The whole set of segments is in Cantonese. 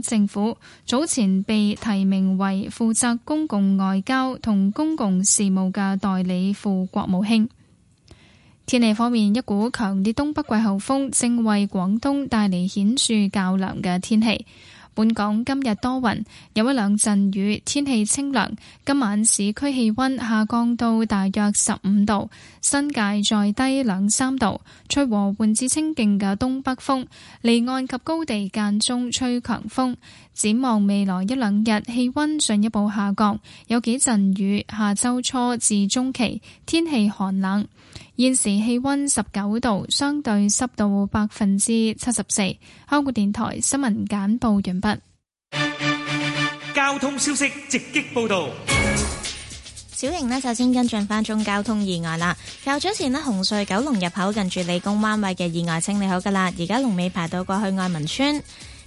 政府早前被提名為負責公共外交同公共事務嘅代理副國務卿。天氣方面，一股強烈東北季候風正為廣東帶嚟顯著較涼嘅天氣。本港今日多雲，有一兩陣雨，天氣清涼。今晚市區氣溫下降到大約十五度，新界再低兩三度，吹和緩至清勁嘅東北風，離岸及高地間中吹強風。展望未來一兩日，氣溫進一步下降，有幾陣雨。下周初至中期，天氣寒冷。現時氣溫19度，相對濕度百分之74。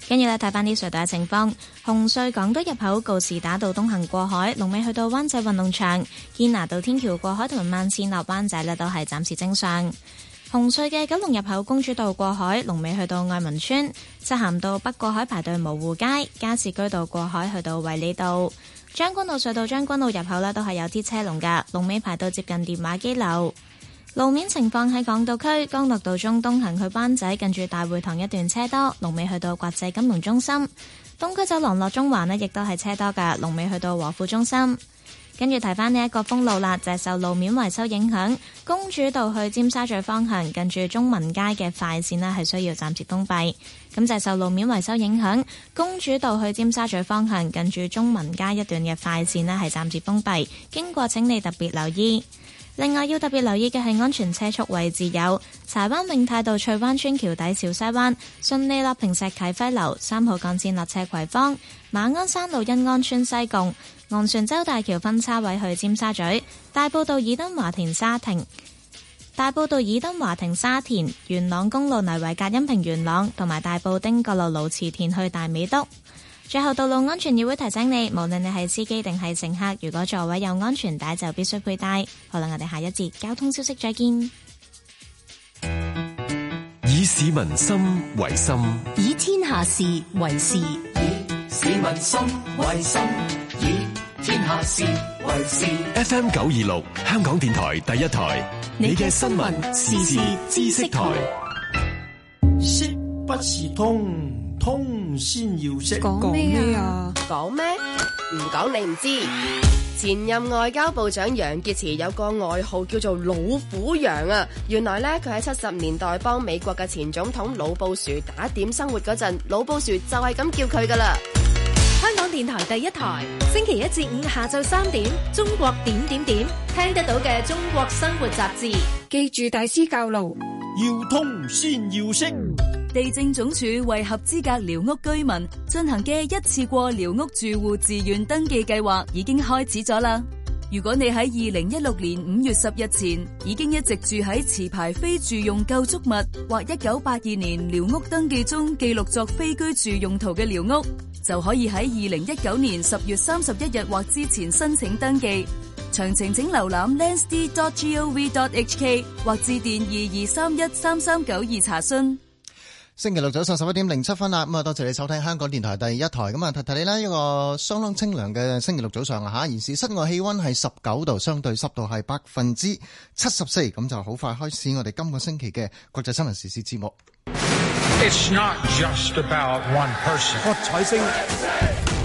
跟住呢睇翻啲隧道嘅情況。紅隧港島入口告士打道東行過海，龍尾去到灣仔運動場堅拿道天橋過海，同埋萬線落灣仔呢，都係暫時正常。紅隧嘅九龍入口公主道過海，龍尾去到愛民村，漆咸道北過海排隊蕪湖街加士居道過海去到衛理道，將軍澳隧道將軍澳入口呢都係有啲車龍㗎，龍尾排到接近電話機樓。路面情況喺港島區，江樂道中東行去灣仔近住大會堂一段車多，龍尾去到國際金融中心。東區走廊落中環呢亦都係車多噶，龍尾去到和富中心。跟住提翻呢一個封路啦，就係受路面維修影響，公主道去尖沙咀方向近住中文街嘅快線呢係需要暫時封閉。咁就係受路面維修影響，公主道去尖沙咀方向近住中文街一段嘅快線呢係暫時封閉，經過請你特別留意。另外要特別留意嘅係安全車速位置，有柴灣永泰道翠灣村橋底、小西灣、順利落坪石啟輝樓、三號幹線落赤葵芳、馬鞍山路欣安村西貢、昂船洲大橋分叉位去尖沙咀、大埔道爾登華庭沙田、大埔道爾登華庭沙，沙田、元朗公路泥圍隔音屏元朗同埋大埔丁角路蘆慈田去大美督。最後，道路安全議會提醒你，無論你係司機定係乘客，如果座位有安全帶，就必須佩戴。好啦，我哋下一節交通消息再見。以市民心為心，以天下事為事。以市民心為心，以天下事為事。F M 九二六，香港電台第一台，你嘅新聞時事知識台，識不是通。通先要識講咩啊？講咩？唔講你唔知。前任外交部長楊潔篪有個外號叫做老虎楊啊！原來咧佢喺七十年代幫美國嘅前總統老布殊打點生活嗰陣，老布殊就係咁叫佢噶啦。香港電台第一台，星期一至五下晝三點，中國點點點聽得到嘅中國生活雜誌。記住大師教路，要通先要識。地政總署為合資格寮屋居民進行嘅一次過寮屋住戶自願登記計劃已經開始咗啦。如果你喺二零一六年五月十日前已經一直住喺持牌非住用構築物，或一九八二年寮屋登記中記錄作非居住用途嘅寮屋，就可以喺二零一九年十月三十一日或之前申請登記。詳情請瀏覽 landsd.gov.hk 或致電二二三一三三九二查詢。星期六早上十一點零七分啦，咁啊多謝你收聽香港電台第一台，咁啊提提你啦，一個相當清涼嘅星期六早上啊吓，現時室外氣溫係十九度，相對濕度係百分之七十四，咁就好快開始我哋今個星期嘅國際新聞時事節目。It's not just about one person one。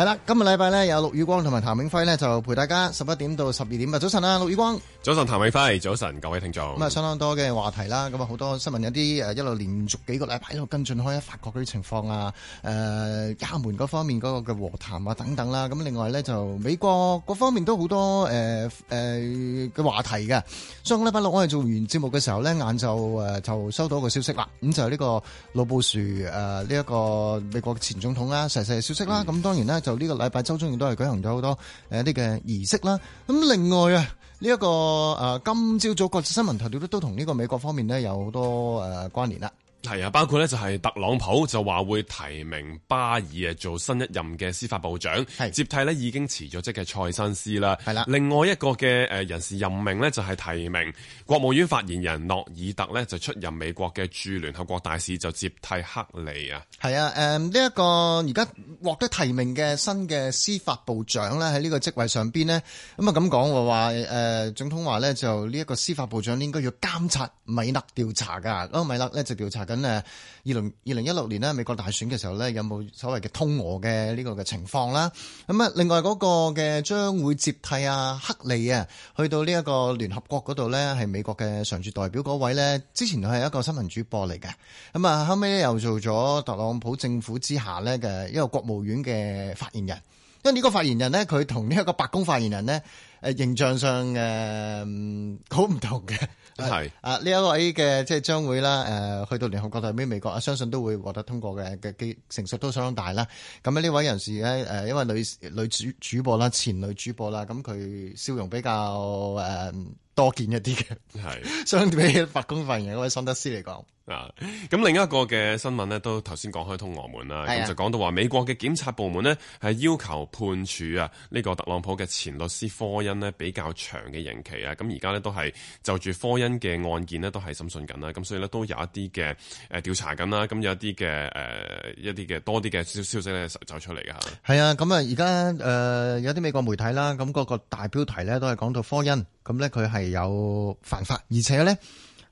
係啦，今日禮拜咧有陸宇光同埋譚永輝咧就陪大家十一點到十二點啊！早晨啊，陸宇光，早晨譚永輝，早晨各位聽眾。咁啊，相當多嘅話題啦，咁啊好多新聞有啲誒一路連續幾個禮拜一路跟進開，法國嗰啲情況啊，誒、呃，亞門嗰方面嗰個嘅和談啊等等啦。咁另外咧就美國各方面都好多誒誒嘅話題嘅。上個禮拜六我哋做完節目嘅時候咧，晏晝誒就收到一個消息啦。咁就係呢個老布殊誒呢一個美國前總統啦，逝世嘅消息啦。咁、嗯、當然啦。就呢個禮拜，周中亦都係舉行咗好多誒一啲嘅儀式啦。咁另外啊，呢、這、一個誒、呃、今朝早國際新聞頭條都都同呢個美國方面咧有好多誒、呃、關聯啦。係啊，包括呢就係特朗普就話會提名巴爾啊做新一任嘅司法部長，係接替呢已經辭咗職嘅塞申斯啦。係啦，另外一個嘅誒人事任命呢就係提名國務院發言人諾爾特呢就出任美國嘅駐聯合國大使，就接替克里係啊。係、嗯、啊，誒呢一個而家獲得提名嘅新嘅司法部長呢喺呢個職位上邊呢，咁啊，咁講話誒總統話呢就呢一個司法部長應該要監察米勒調查噶，米勒咧就調查。咁誒，二零二零一六年咧，美國大選嘅時候呢，有冇所謂嘅通俄嘅呢個嘅情況啦？咁啊，另外嗰個嘅將會接替阿克利啊，去到呢一個聯合國嗰度呢，係美國嘅常駐代表嗰位呢，之前係一個新聞主播嚟嘅。咁啊，後尾又做咗特朗普政府之下呢嘅一個國務院嘅發言人。因為呢個發言人呢，佢同呢一個白宮發言人呢，誒形象上誒好唔同嘅。係啊，呢一位嘅即係將會啦，誒、呃，去到聯合國代表美國啊？相信都會獲得通過嘅嘅機成數都相當大啦。咁咧，呢位人士咧，誒、呃，因為女主女主主播啦，前女主播啦，咁佢笑容比較誒。呃多見一啲嘅，係、啊、相比白宮發言人嗰位桑德斯嚟講啊。咁另一個嘅新聞呢，都頭先講開通俄門啦，咁、啊、就講到話美國嘅檢察部門呢，係要求判處啊呢個特朗普嘅前律師科恩呢比較長嘅刑期啊。咁而家呢，都係就住科恩嘅案件呢，都係審訊緊啦。咁所以呢，都有一啲嘅誒調查緊啦。咁有一啲嘅誒一啲嘅多啲嘅消消息咧就走出嚟嘅吓。係啊，咁啊而家誒有啲美國媒體啦，咁、那、嗰個大標題咧都係講到科恩。咁咧，佢係有犯法，而且咧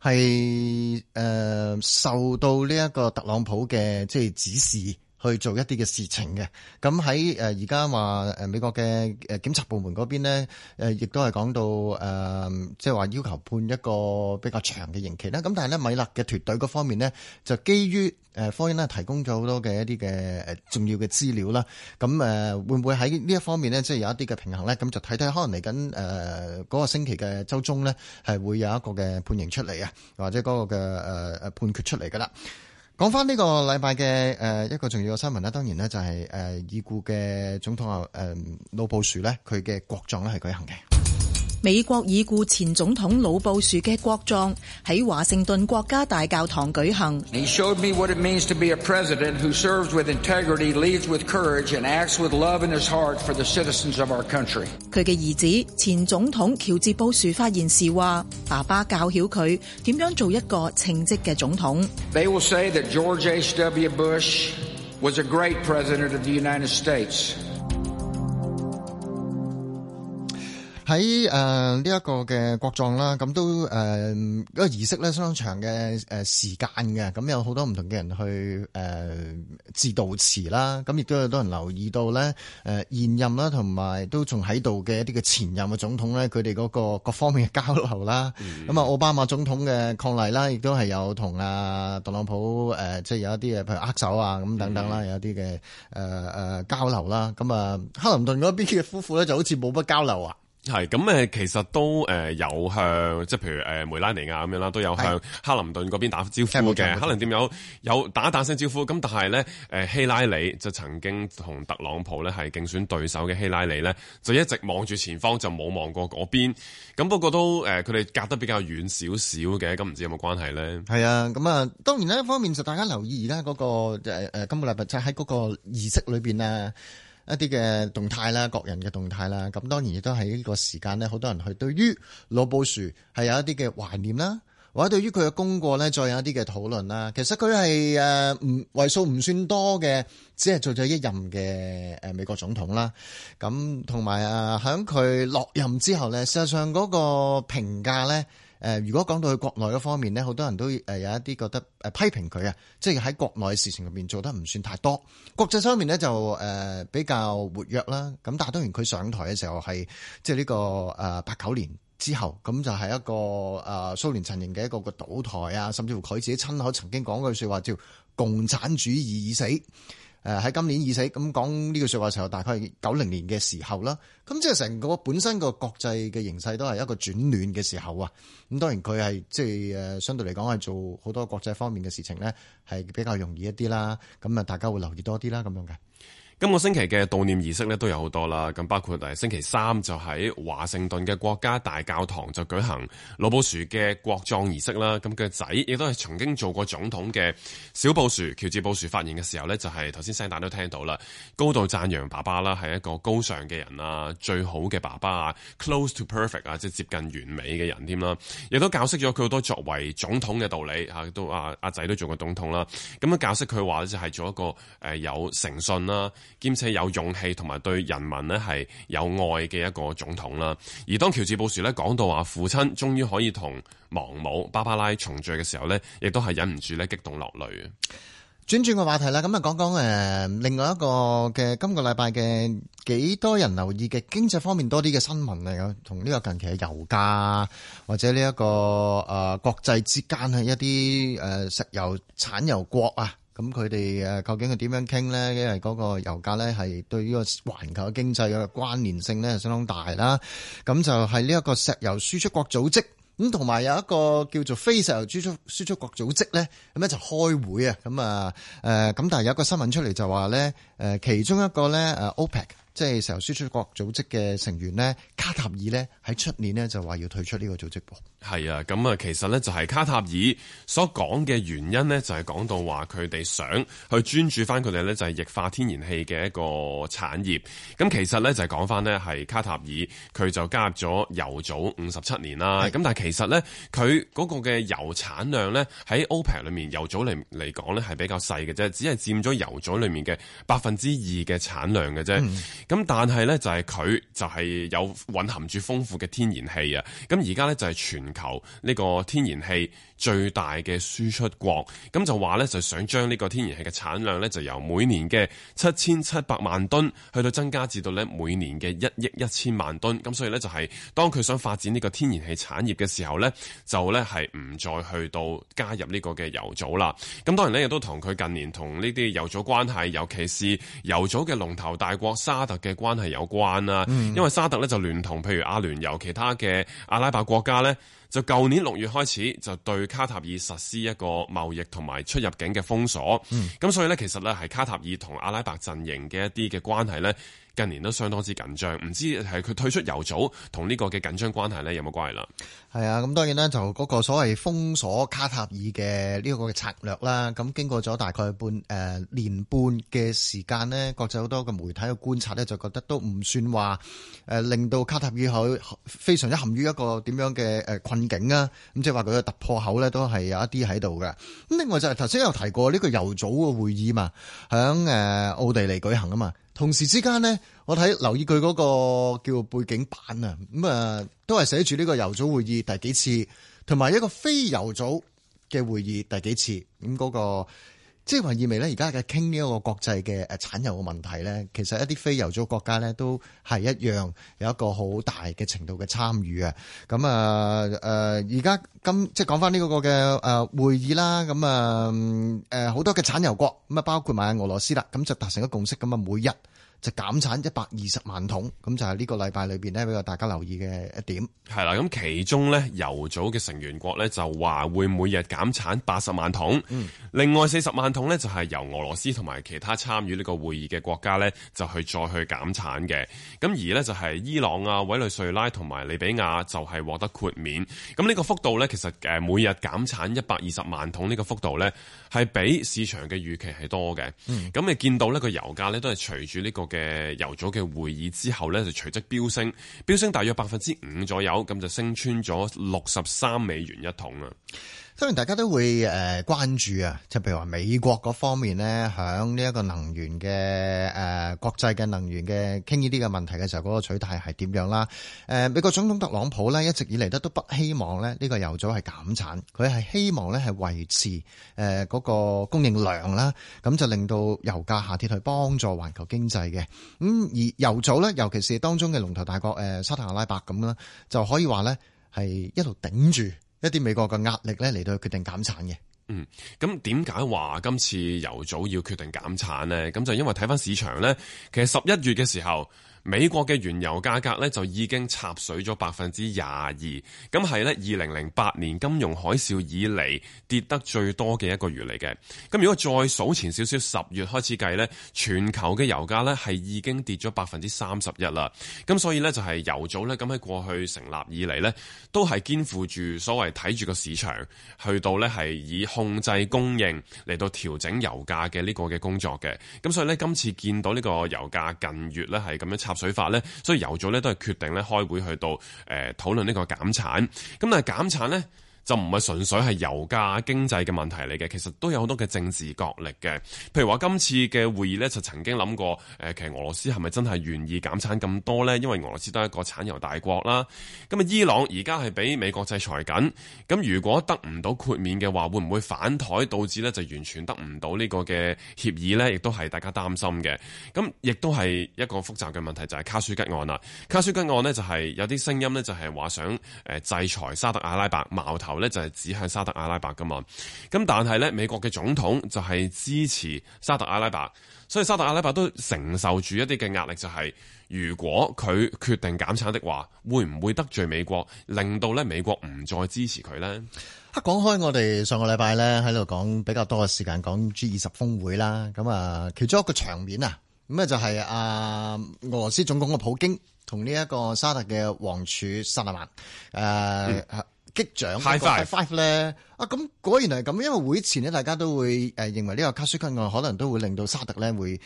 係誒受到呢一個特朗普嘅即係指示。去做一啲嘅事情嘅，咁喺誒而家話美國嘅誒檢察部門嗰邊呢，亦都係講到誒，即係話要求判一個比較長嘅刑期啦。咁但係呢，米勒嘅團隊嗰方面呢，就基於誒科恩提供咗好多嘅一啲嘅重要嘅資料啦。咁誒會唔會喺呢一方面呢，即係有一啲嘅平衡呢？咁就睇睇，可能嚟緊誒嗰個星期嘅週中呢，係會有一個嘅判刑出嚟啊，或者嗰個嘅、呃、判決出嚟噶啦。講翻呢個禮拜嘅誒一個重要嘅新聞啦，當然咧就係誒已故嘅總統啊，誒、呃、老布殊咧佢嘅國葬咧係舉行嘅。美國已故前總統老布殊嘅國葬喺華盛頓國家大教堂舉行。佢嘅兒子前總統喬治布殊發言時話，爸爸教曉佢點樣做一個稱職嘅總統。They will say that George 喺誒呢一個嘅國葬啦，咁都誒一個儀式咧相當長嘅時間嘅，咁有好多唔同嘅人去誒致悼詞啦，咁亦都有多人留意到咧誒、呃、現任啦，同埋都仲喺度嘅一啲嘅前任嘅總統咧，佢哋嗰個各方面嘅交流啦，咁、嗯、啊奧巴馬總統嘅伉儷啦，亦都係有同啊特朗普誒、呃，即係有一啲嘅譬如握手啊咁等等啦、嗯，有一啲嘅誒交流啦，咁啊克林頓嗰邊嘅夫婦咧就好似冇乜交流啊。係咁其實都誒有向即譬如誒梅拉尼亞咁樣啦，都有向克林頓嗰邊打招呼嘅。克林頓有有打一打聲招呼？咁但係咧希拉里就曾經同特朗普咧係競選對手嘅希拉里咧，就一直望住前方，就冇望過嗰邊。咁不過都誒，佢、呃、哋隔得比較遠少少嘅。咁唔知有冇關係咧？係啊，咁啊，當然咧一方面就大家留意而家嗰個誒誒金額禮品就喺嗰個儀式裏面啊。一啲嘅動態啦，各人嘅動態啦，咁當然亦都喺呢個時間咧，好多人去對於老布殊係有一啲嘅懷念啦，或者對於佢嘅功過咧，再有一啲嘅討論啦。其實佢係誒唔為數唔算多嘅，只係做咗一任嘅美國總統啦。咁同埋誒喺佢落任之後咧，事實上嗰個評價咧。誒，如果講到佢國內嗰方面咧，好多人都誒有一啲覺得誒、呃、批評佢啊，即係喺國內嘅事情入邊做得唔算太多。國際方面咧就誒、呃、比較活躍啦。咁但係當然佢上台嘅時候係即係呢個誒八九年之後，咁就係一個誒、呃、蘇聯陣營嘅一個個倒台啊，甚至乎佢自己親口曾經講句説話叫共產主義已死。誒，喺今年已死咁講呢句說話嘅時候，大概係九零年嘅時候啦。咁即係成個本身個國際嘅形勢都係一個轉暖嘅時候啊。咁當然佢係即係誒，相對嚟講係做好多國際方面嘅事情咧，係比較容易一啲啦。咁啊，大家會留意多啲啦，咁樣嘅。今個星期嘅悼念儀式咧，都有好多啦，咁包括誒星期三就喺華盛頓嘅國家大教堂就舉行老布殊嘅國葬儀式啦。咁佢個仔亦都係曾經做過總統嘅小布殊，喬治布殊發言嘅時候咧，就係頭先聲帶都聽到啦，高度讚揚爸爸啦，係一個高尚嘅人啊，最好嘅爸爸啊，close to perfect 啊，即係接近完美嘅人添啦。亦都教識咗佢好多作為總統嘅道理吓，都阿阿仔都做過總統啦。咁樣教識佢話咧，就係做一個誒、呃、有誠信啦。兼且有勇氣同埋對人民呢，係有愛嘅一個總統啦。而當喬治布什呢，講到話父親終於可以同亡母芭芭拉重聚嘅時候呢，亦都係忍唔住咧激動落淚。轉轉個話題啦，咁啊講講誒另外一個嘅今個禮拜嘅幾多人留意嘅經濟方面多啲嘅新聞嚟同呢個近期嘅油價或者呢、這、一個誒、呃、國際之間嘅一啲誒石油產油國啊。咁佢哋誒究竟佢點樣傾咧？因為嗰個油價咧係對於個環球經濟嘅關聯性咧相當大啦。咁就係呢一個石油輸出國組織，咁同埋有一個叫做非石油輸出輸出國組織咧，咁咧就開會啊。咁啊誒咁但係有一個新聞出嚟就話咧，誒其中一個咧誒 OPEC。即係石油輸出國組織嘅成員咧，卡塔爾咧喺出年咧就話要退出呢個組織噃。係啊，咁啊，其實咧就係卡塔爾所講嘅原因咧，就係講到話佢哋想去專注翻佢哋咧就係液化天然氣嘅一個產業。咁其實咧就係講翻咧係卡塔爾佢就加入咗油組五十七年啦。咁但係其實咧佢嗰個嘅油產量咧喺 OPEC 裏面油組嚟嚟講咧係比較細嘅啫，只係佔咗油組裡面嘅百分之二嘅產量嘅啫。嗯咁但係咧就係佢就係有蘊含住豐富嘅天然氣啊！咁而家咧就係全球呢個天然氣最大嘅輸出國，咁就話咧就想將呢個天然氣嘅產量咧就由每年嘅七千七百萬噸去到增加至到咧每年嘅一億一千萬噸，咁所以咧就係當佢想發展呢個天然氣產業嘅時候咧，就咧係唔再去到加入呢個嘅油組啦。咁當然咧亦都同佢近年同呢啲油組關係，尤其是油組嘅龍頭大國沙特嘅關係有關啦，啊，因為沙特咧就聯同譬如阿聯酋其他嘅阿拉伯國家呢，就舊年六月開始就對卡塔爾實施一個貿易同埋出入境嘅封鎖，咁所以呢，其實呢係卡塔爾同阿拉伯陣營嘅一啲嘅關係呢，近年都相當之緊張，唔知係佢退出油組同呢個嘅緊張關係咧有冇關係啦？係啊，咁當然啦，就嗰個所謂封鎖卡塔爾嘅呢個嘅策略啦。咁經過咗大概半、呃、年半嘅時間呢，國際好多嘅媒體嘅觀察呢，就覺得都唔算話、呃、令到卡塔爾好非常之陷於一個點樣嘅困境啊。咁即係話佢嘅突破口咧都係有一啲喺度嘅。另外就係頭先有提過呢個油組嘅會議嘛，喺誒、呃、奧地利舉行啊嘛。同時之間咧，我睇留意佢嗰個叫背景板啊，咁啊都係寫住呢個油組會議第幾次，同埋一個非油組嘅會議第幾次，咁嗰個即係話意味咧，而家嘅傾呢一個國際嘅產油嘅問題咧，其實一啲非油組國家咧都係一樣有一個好大嘅程度嘅參與啊。咁啊誒，而家今即係講返呢個個嘅會議啦。咁啊誒，好多嘅產油國咁啊，包括埋俄羅斯啦，咁就達成個共識咁啊，每日，就減產一百二十萬桶，咁就係呢個禮拜裏面呢，比較大家留意嘅一點。係啦，咁其中呢，油組嘅成員國呢，就話會每日減產八十萬桶。嗯、另外四十萬桶呢，就係由俄羅斯同埋其他參與呢個會議嘅國家呢，就去再去減產嘅。咁而呢，就係伊朗啊、委內瑞拉同埋利比亞就係獲得豁免。咁呢個幅度呢，其實每日減產一百二十萬桶呢個幅度呢，係比市場嘅預期係多嘅。咁、嗯、你見到呢個油價呢，都係隨住呢、呢個。嘅油組嘅會議之後呢，就隨即飆升，飆升大約百分之五左右，咁就升穿咗六十三美元一桶啦。當然大家都會關注啊，即係譬如話美國嗰方面咧，響呢一個能源嘅誒、呃、國際嘅能源嘅傾呢啲嘅問題嘅時候，嗰、那個取態係點樣啦、呃？美國總統特朗普咧一直以嚟都都不希望咧呢個油組係減產，佢係希望咧係維持誒嗰、呃那個供應量啦，咁就令到油價下跌去幫助環球經濟嘅。咁、嗯、而油組咧，尤其是當中嘅龍頭大國誒、呃、沙特阿拉伯咁啦，就可以話咧係一路頂住。一啲美國嘅壓力咧，嚟到決定減產嘅。嗯，咁點解話今次由早要決定減產咧？咁就因為睇返市場咧，其實十一月嘅時候，美國嘅原油價格咧就已經插水咗百分之廿二，咁係咧二零零八年金融海嘯以嚟，跌得最多嘅一個月嚟嘅。咁如果再數前少少，十月開始計咧，全球嘅油價咧係已經跌咗百分之三十一啦。咁所以咧就係油組咧咁喺過去成立以嚟咧都係肩負住所謂睇住個市場，去到咧係以控制供應嚟到調整油價嘅呢個嘅工作嘅。咁所以咧今次見到呢個油價近月咧係咁樣插。水法咧，所以油組咧都係決定咧開會去到，誒，討論呢個減產，咁但係減產咧就唔係純粹係油價經濟嘅問題嚟嘅，其實都有好多嘅政治角力嘅。譬如話今次嘅會議呢，就曾經諗過、呃、其實俄羅斯係咪真係願意減產咁多呢？因為俄羅斯都係一個產油大國啦。咁啊，伊朗而家係俾美國制裁緊，咁如果得唔到豁免嘅話，會唔會反台導致呢就完全得唔到呢個嘅協議呢，亦都係大家擔心嘅。咁亦都係一個複雜嘅問題，就係、是、卡舒吉案啦。卡舒吉案呢，就係、是、有啲聲音呢，就係、是、話想、呃、制裁沙特阿拉伯矛頭咧，就係指向沙特阿拉伯噶嘛，咁但係咧美國嘅總統就係支持沙特阿拉伯，所以沙特阿拉伯都承受住一啲嘅壓力，就係，就係如果佢決定減產的話，會唔會得罪美國，令到咧美國唔再支持佢咧？啊，講開我哋上個禮拜咧喺度講比較多嘅時間講 G 二十峰會啦，咁啊其中一個場面啊，咁、就係、啊就係啊俄羅斯總統嘅普京同呢一個沙特嘅王儲薩勒曼誒。啊嗯激漲 High Five 咧啊，咁果然係咁，因為會前咧，大家都會誒認為呢個卡舒吉案可能都會令到沙特咧會誒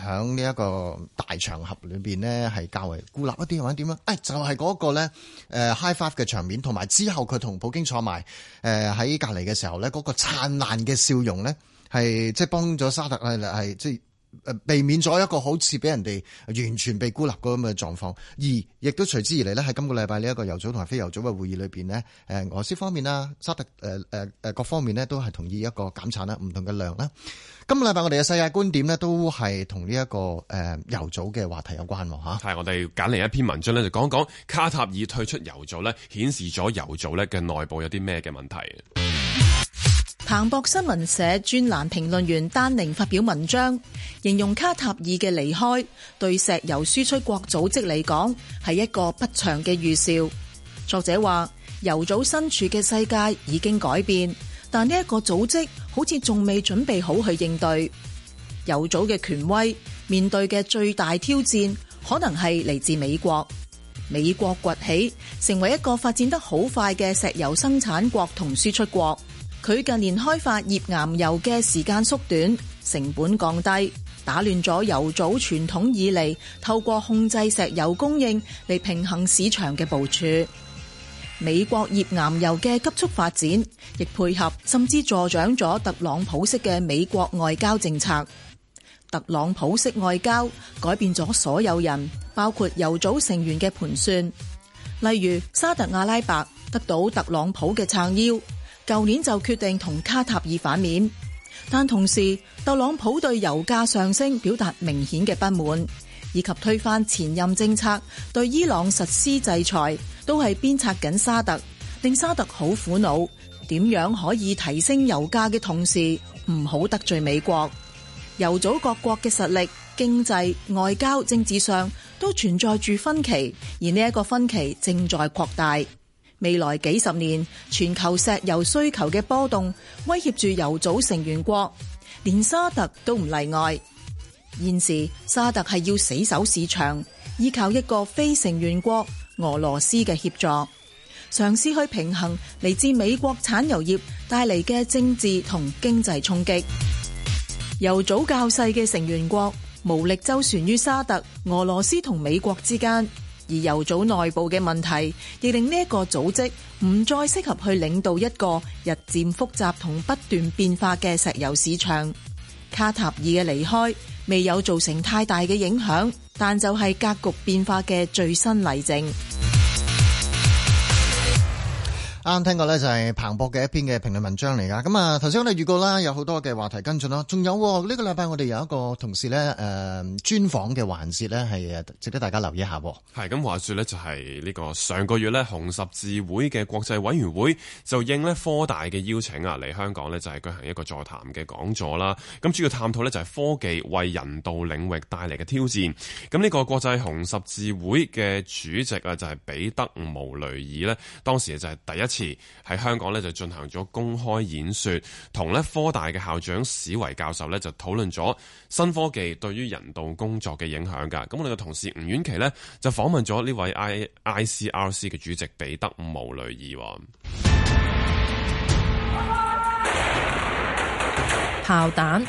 喺呢一個大場合裏邊咧係較為孤立一啲，或者點樣誒、哎、就係、是，嗰個咧誒 High Five 嘅場面，同埋之後佢同普京坐埋誒喺隔籬嘅時候咧，嗰、那個燦爛嘅笑容咧，係即係幫咗沙特係係即係。誒，避免咗一個好似俾人哋完全被孤立嗰咁嘅狀況，而亦都隨之而嚟呢，喺今個禮拜呢一個油組同埋非油組嘅會議裏邊呢，誒，俄羅斯方面啦，沙特誒誒誒各方面呢都係同意一個減產啦，唔同嘅量啦。今個禮拜我哋嘅世界觀點呢都係同呢一個誒油組嘅話題有關吓。係，我哋揀嚟一篇文章咧，就講講卡塔爾退出油組咧，顯示咗油組咧嘅內部有啲咩嘅問題。彭博新聞社專欄評論員丹寧發表文章，形容卡塔爾嘅離開對石油輸出國組織嚟講係一個不祥嘅預兆。作者話，油組身處嘅世界已經改變，但呢一個組織好似仲未準備好去應對。油組嘅權威面對嘅最大挑戰可能係嚟自美國。美國崛起成為一個發展得好快嘅石油生產國同輸出國。佢近年開發頁岩油嘅時間縮短，成本降低，打亂咗油組傳統以嚟透過控制石油供應嚟平衡市場嘅部署。美國頁岩油嘅急速發展，亦配合甚至助長咗特朗普式嘅美國外交政策。特朗普式外交改變咗所有人，包括油組成員嘅盤算。例如沙特阿拉伯得到特朗普嘅撐腰。舊年就決定同卡塔爾反面，但同時特朗普對油價上升表達明顯嘅不滿，以及推翻前任政策，對伊朗實施制裁，都係鞭策緊沙特，令沙特好苦惱。點樣可以提升油價嘅同時，唔好得罪美國？油組各國嘅實力、經濟、外交、政治上都存在住分歧，而呢一個分歧正在擴大。未來幾十年，全球石油需求嘅波動威脅住油組成員國，連沙特都唔例外。現時沙特係要死守市場，依靠一個非成員國俄羅斯嘅協助，嘗試去平衡嚟自美國產油業帶嚟嘅政治同經濟衝擊。油組較細嘅成員國無力周旋於沙特、俄羅斯同美國之間。而油組內部嘅問題，亦令呢一個組織唔再適合去領導一個日漸複雜同不斷變化嘅石油市場。卡塔爾嘅離開未有造成太大嘅影響，但就係格局變化嘅最新例證。啱聽過呢，就係彭博嘅一篇嘅評論文章嚟㗎。咁啊，頭先我哋預告啦，有好多嘅話題跟進啦。仲有呢、呢個禮拜，我哋有一個同事呢，誒、呃、專訪嘅環節呢，係值得大家留意一下。係咁話説呢，就係呢個上個月呢，紅十字會嘅國際委員會就應呢科大嘅邀請啊，嚟香港呢，就係舉行一個座談嘅講座啦。咁主要探討呢，就係科技為人道領域帶嚟嘅挑戰。咁呢個國際紅十字會嘅主席啊，就係彼得毛雷爾呢。當時就係第一次。喺香港咧就進行咗公開演說，同咧科大嘅校長史維教授咧就討論咗新科技對於人道工作嘅影響噶。咁我哋嘅同事吳婉琪呢，就訪問咗呢位 ICRC 嘅主席彼得毛雷爾。炮彈、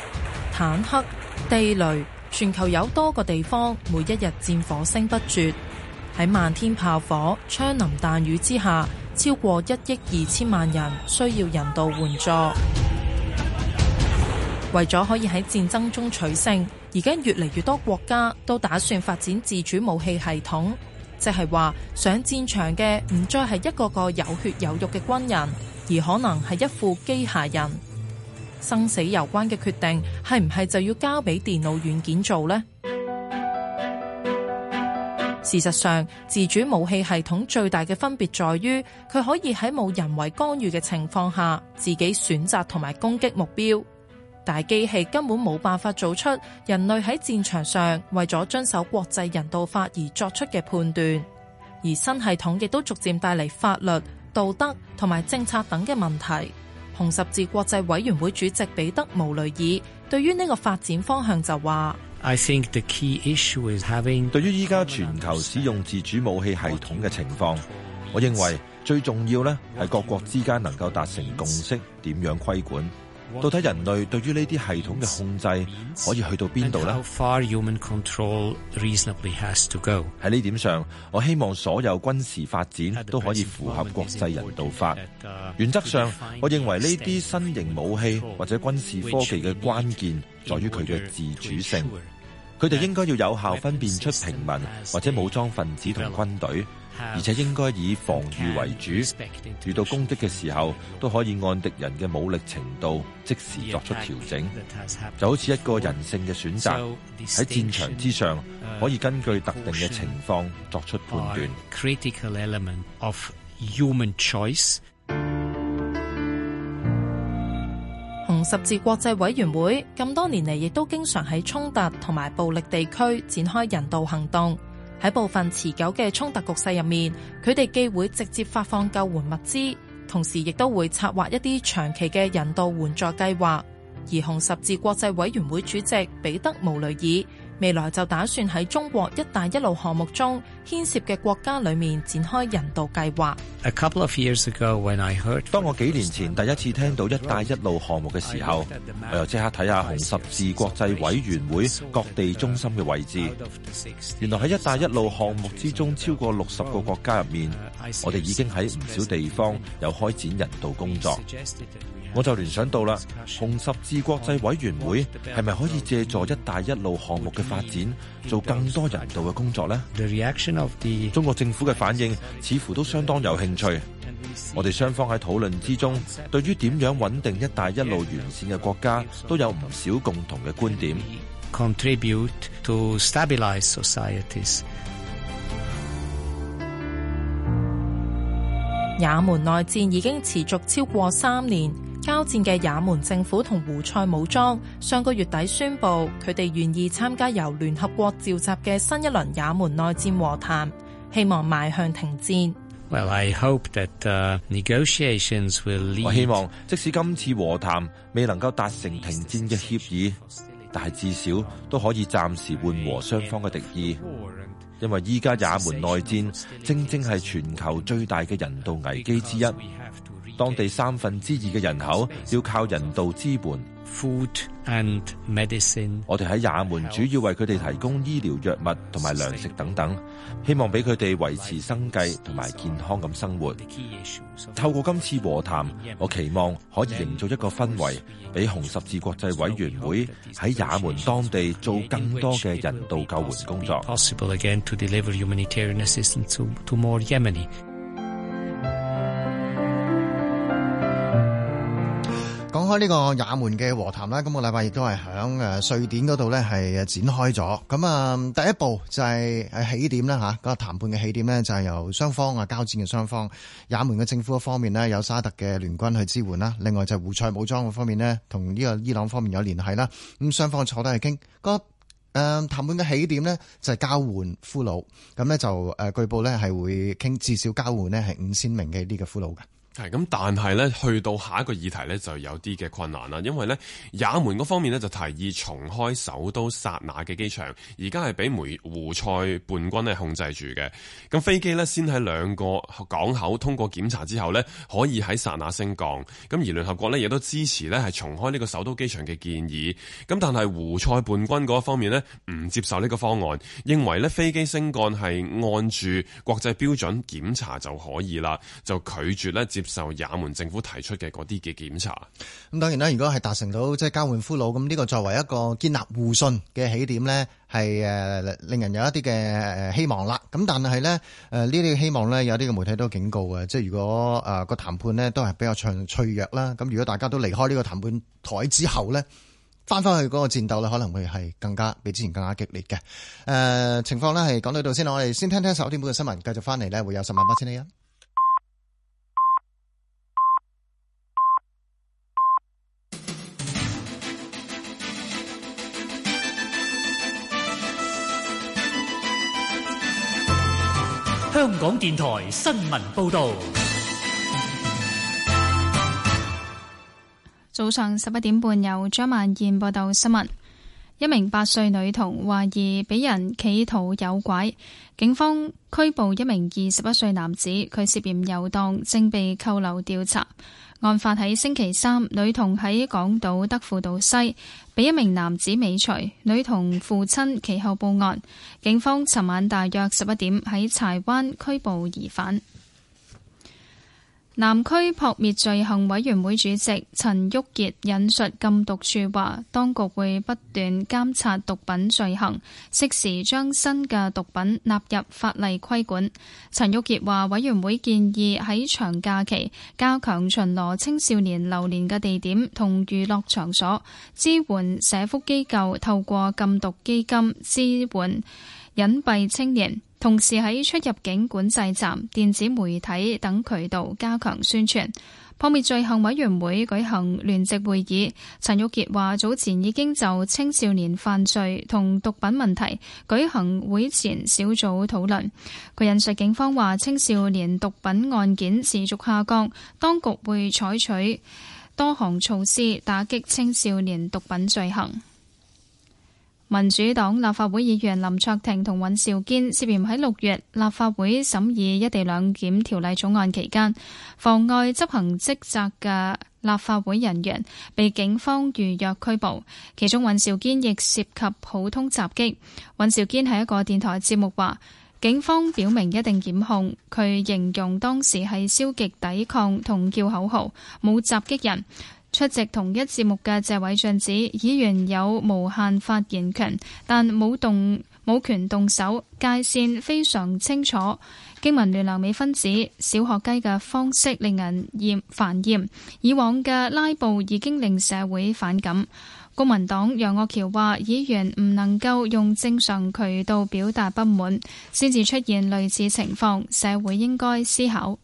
坦克、地雷，全球有多個地方每一日戰火聲不絕，喺漫天炮火、槍林彈雨之下。超過一億二千萬人需要人道援助。為咗可以喺戰爭中取勝，而家越嚟越多國家都打算發展自主武器系統，即係話，上戰場嘅唔再係一個個有血有肉嘅軍人，而可能係一副機械人。生死攸關嘅決定係唔係就要交俾電腦軟件做呢？事實上，自主武器系統最大嘅分別在於，佢可以喺冇人為干預嘅情況下，自己選擇同埋攻擊目標。但機器根本冇辦法做出人類喺戰場上為咗遵守國際人道法而作出嘅判斷。而新系統亦都逐漸帶嚟法律、道德同埋政策等嘅問題。紅十字國際委員會主席彼得·毛雷爾對於呢個發展方向就話：I think the key issue is having 對於依家全球使用自主武器系統嘅情況，我認為最重要咧係各國之間能夠達成共識，點樣規管。到底人類對於呢啲系統嘅控制可以去到邊度呢？喺呢點上，我希望所有軍事發展都可以符合國際人道法。原則上，我認為呢啲新型武器或者軍事科技嘅關鍵，在於佢嘅自主性。佢哋應該要有效分辨出平民或者武裝分子同軍隊。而且應該以防御為主，遇到攻擊嘅時候，都可以按敵人嘅武力程度即時作出調整，就好似一個人性嘅選擇。喺戰場之上，可以根據特定嘅情況作出判斷。紅十字國際委員會咁多年嚟，亦都經常喺衝突同埋暴力地區展開人道行動。喺部分持久嘅衝突局勢入面，佢哋既會直接發放救援物資，同時亦都會策劃一啲長期嘅人道援助計劃，而紅十字國際委員會主席彼得·毛雷爾。未來就打算喺中國「一帶一路」項目中牽涉嘅國家裏面，展開人道計劃。當我幾年前第一次聽到「一帶一路」項目嘅時候，我又即刻睇下紅十字國際委員會各地中心嘅位置。原來喺「一帶一路」項目之中，超過六十個國家入面，我哋已經喺唔少地方有開展人道工作。我就聯想到啦，紅十字國際委員會係咪可以借助一帶一路項目嘅發展，做更多人道嘅工作呢？中國政府嘅反應似乎都相當有興趣。我哋雙方喺討論之中，對於點樣穩定一帶一路沿線嘅國家，都有唔少共同嘅觀點。也門內戰已經持續超過三年。交戰嘅也門政府同胡塞武裝上個月底宣布，佢哋願意參加由聯合國召集嘅新一輪也門內戰和談，希望邁向停戰。Well, that, uh, 我希望即使今次和談未能夠達成停戰嘅協議，但係至少都可以暫時緩和雙方嘅敵意，因爲依家也門內戰正正係全球最大嘅人道危機之一。當地三分之二嘅人口要靠人道支援。Food and medicine, 我哋喺也門主要為佢哋提供醫療藥物同埋糧食等等，希望俾佢哋維持生計同埋健康咁生活。透過今次和談，我期望可以營造一個氛圍，俾紅十字國際委員會喺也門當地做更多嘅人道救援工作。講開呢個也門嘅和談啦，今個禮拜亦都係喺誒瑞典嗰度咧係展開咗。咁啊，第一步就係誒起點啦吓，個談判嘅起點咧就係由雙方啊交戰嘅雙方，也門嘅政府一方面呢，有沙特嘅聯軍去支援啦，另外就係胡塞武裝方面呢，同呢個伊朗方面有聯繫啦。咁雙方坐低去傾個誒談判嘅起點呢，就係交換俘虜，咁呢，就誒據報咧係會傾至少交換呢，係五千名嘅呢個俘虜嘅。咁，但係咧，去到下一個議題呢，就有啲嘅困難啦，因為呢，也門嗰方面呢，就提議重開首都薩那嘅機場，而家係俾梅胡塞叛軍咧控制住嘅。咁飛機呢，先喺兩個港口通過檢查之後呢，可以喺薩那升降。咁而聯合國呢，亦都支持呢，係重開呢個首都機場嘅建議。咁但係胡塞叛軍嗰方面呢，唔接受呢個方案，認為呢飛機升降係按住國際標準檢查就可以啦，就拒絕呢接受也門政府提出嘅嗰啲嘅檢查，咁當然啦，如果係達成到即係交換俘虜，咁呢個作為一個建立互信嘅起點呢，係誒令人有一啲嘅誒希望啦。咁但係呢，誒呢啲希望呢，有啲嘅媒體都警告嘅，即係如果誒個談判呢都係比較脆弱啦。咁如果大家都離開呢個談判台之後呢，翻返去嗰個戰鬥咧，可能會係更加比之前更加激烈嘅。誒情況呢。係講到度先啦，我哋先聽聽十點半嘅新聞，繼續翻嚟呢，會有十萬八千里。香港電台新聞報道。早上十一點半，由張曼燕報道新聞。一名八歲女童懷疑俾人企圖誘拐，警方拘捕一名二十一歲男子，佢涉嫌遊蕩，正被扣留調查。案發喺星期三，女童喺港島德輔道西俾一名男子尾隨，女童父親其後報案，警方尋晚大約十一點喺柴灣拘捕疑犯。南區撲滅罪行委員會主席陳玉傑引述禁毒處話，當局會不斷監察毒品罪行，適時將新嘅毒品納入法例規管。陳玉傑話，委員會建議喺長假期加強巡邏青少年流連嘅地點同娛樂場所，支援社福機構透過禁毒基金支援。隱蔽青年，同時喺出入境管制站、電子媒體等渠道加強宣傳。撲滅罪行委員會舉行聯席會議，陳玉傑話早前已經就青少年犯罪同毒品問題舉行會前小組討論。佢引述警方話，青少年毒品案件持續下降，當局會採取多項措施打擊青少年毒品罪行。民主黨立法會議員林卓廷同尹兆堅涉嫌喺出席同一節目嘅謝偉俊指，議員有無限發言權，但冇動冇權動手，界線非常清楚。經民聯梁美芬指，小學雞嘅方式令人厭煩厭，以往嘅拉布已經令社會反感。公民黨楊岳橋話，議員唔能夠用正常渠道表達不滿，先至出現類似情況，社會應該思考。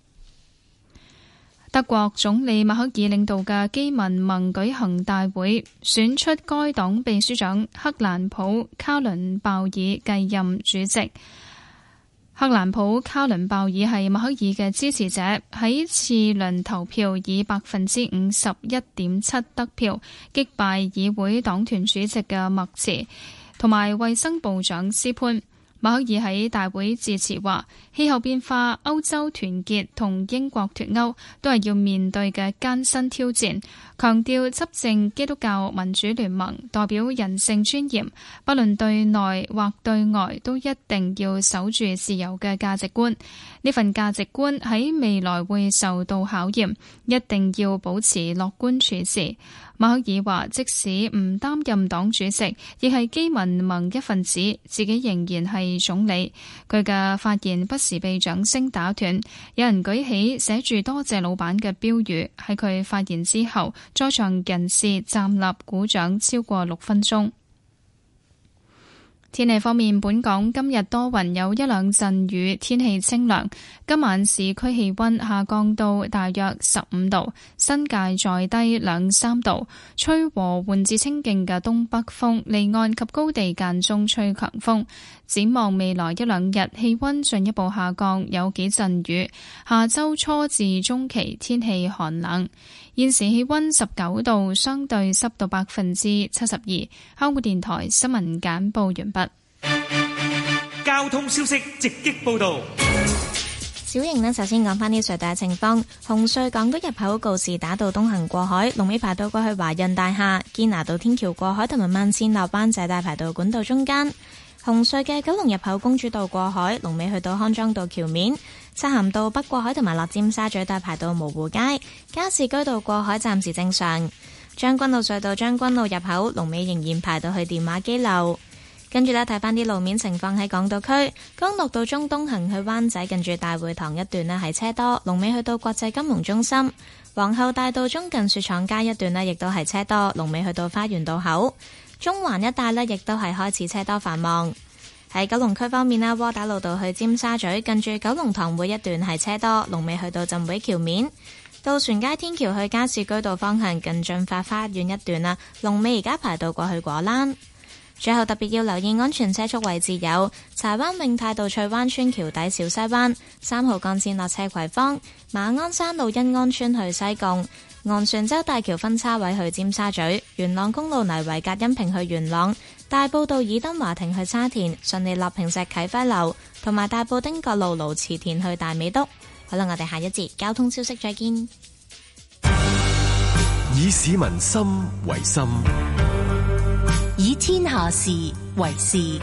德國總理默克爾領導嘅基民盟舉行大會，選出該黨秘書長克蘭普·卡倫鮑爾繼任主席。克蘭普·卡倫鮑爾係默克爾嘅支持者，喺次輪投票以百分之五十一點七得票擊敗議會黨團主席嘅默茨，同埋衛生部長施潘。馬克爾喺大會致辭話：氣候變化、歐洲團結同英國脫歐都係要面對嘅艱辛挑戰。強調執政基督教民主聯盟代表人性尊嚴，不論對內或對外，都一定要守住自由嘅價值觀。呢份價值觀喺未來會受到考驗，一定要保持樂觀處事。馬克爾話：即使唔擔任黨主席，亦係基民盟一份子，自己仍然係總理。佢嘅發言不時被掌聲打斷，有人舉起寫住多謝老闆嘅標語，喺佢發言之後，在場人士站立鼓掌超過六分鐘。天氣方面，本港今日多雲，有一兩陣雨，天氣清涼。今晚市區氣溫下降到大約十五度，新界再低兩三度，吹和緩至清勁嘅東北風，離岸及高地間中吹強風。展望未來一兩日，氣溫進一步下降，有幾陣雨。下周初至中期，天氣寒冷。現時氣溫十九度，相對濕度百分之七十二。香港電台新聞簡報完畢。交通消息直擊報道。小瑩呢，首先講翻啲隧道嘅情況。紅隧港島入口告士打道東行過海，龍尾排到過去華潤大廈堅拿道天橋過海，同埋萬善樓班仔大排到管道中間。紅隧嘅九龍入口公主道過海，龍尾去到康莊道橋面。漆咸道北過海同埋落尖沙咀都係排到蕪湖街，加士居道過海暫時正常。將軍澳隧道將軍澳入口龍尾仍然排到去電話機樓，跟住睇翻啲路面情況，喺港島區，干諾道中東行去灣仔，近住大會堂一段呢係車多，龍尾去到國際金融中心。皇后大道中近雪廠街一段亦都係車多，龍尾去到花園道口。中環一帶亦都係開始車多繁忙。喺九龍區方面啦，窩打老道去尖沙咀近住九龍塘會一段係車多，龍尾去到浸會橋面；渡船街天橋去加士居道方向近駿發花園一段啦，龍尾而家排到過去果欄。最後特別要留意安全車速位置，有柴灣永泰道翠灣村橋底、小西灣三號幹線落車葵芳、馬鞍山路恩安村去西貢、岸船洲大橋分叉位去尖沙咀、元朗公路泥圍隔音屏去元朗。大埔道爾登華庭去沙田，順利立坪石啟輝樓，同埋大埔汀角路盧慈田去大美督。好啦，我哋下一節交通消息再見。以市民心為心，以天下事為事。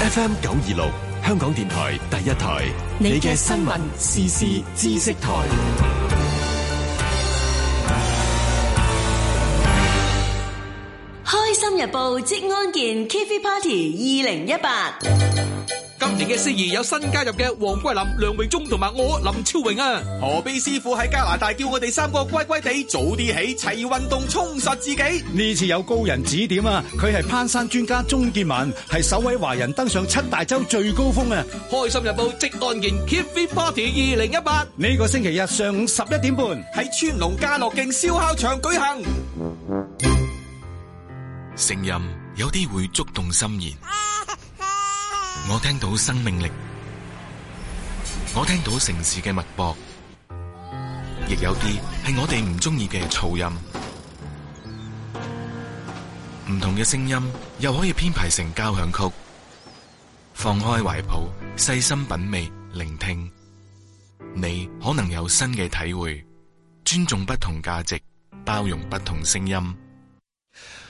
F M 九二六香港電台第一台，你嘅新聞時事知識台。《新日報積安健 K F Party 二零一八》，今年嘅司儀有新加入嘅黃桂林、梁榮忠同埋我林超榮啊！何必師傅喺加拿大叫我哋三個乖乖地早啲起，齊運動充實自己。呢次有高人指點啊，佢係攀山專家鐘建文，係首位華人登上七大洲最高峰啊！《開心日報積安健 K F Party 二零一八》，呢個星期日上午十一點半喺川龍家樂徑燒烤場舉行。聲音有啲會觸動心弦，我聽到生命力，我聽到城市嘅脈搏，亦有啲係我哋唔中意嘅噪音。唔同嘅聲音又可以編排成交響曲。放開懷抱，細心品味，聆聽，你可能有新嘅體會。尊重不同價值，包容不同聲音。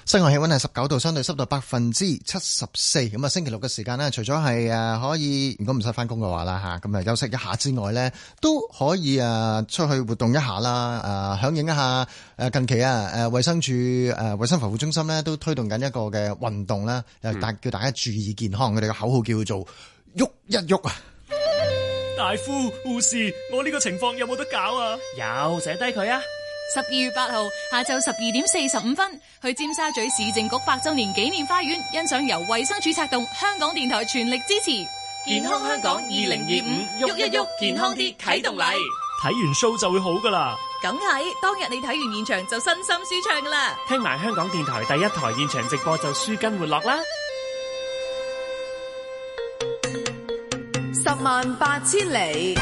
室外氣溫係十九度，相對濕度百分之七十四。咁啊，星期六嘅時間咧，除咗係誒可以，如果唔使翻工嘅話啦吓，咁啊休息一下之外咧，都可以啊出去活動一下啦。啊響應一下誒近期啊誒衛生署誒衛生防護中心咧都推動緊一個嘅運動啦，誒大叫大家注意健康，佢哋嘅口號叫做喐一喐啊！大夫護士，我呢個情況有冇得搞啊？有，寫低佢啊！十二月八號下晝十二點四十五分，去尖沙咀市政局百周年紀念花園欣賞由衛生署策動、香港電台全力支持《健康香港二零二五》，喐一喐健康啲啟動禮。睇完 show 就會好噶啦，梗係當日你睇完現場就身心舒暢噶啦。聽埋香港電台第一台現場直播就舒筋活絡啦。十萬八千里。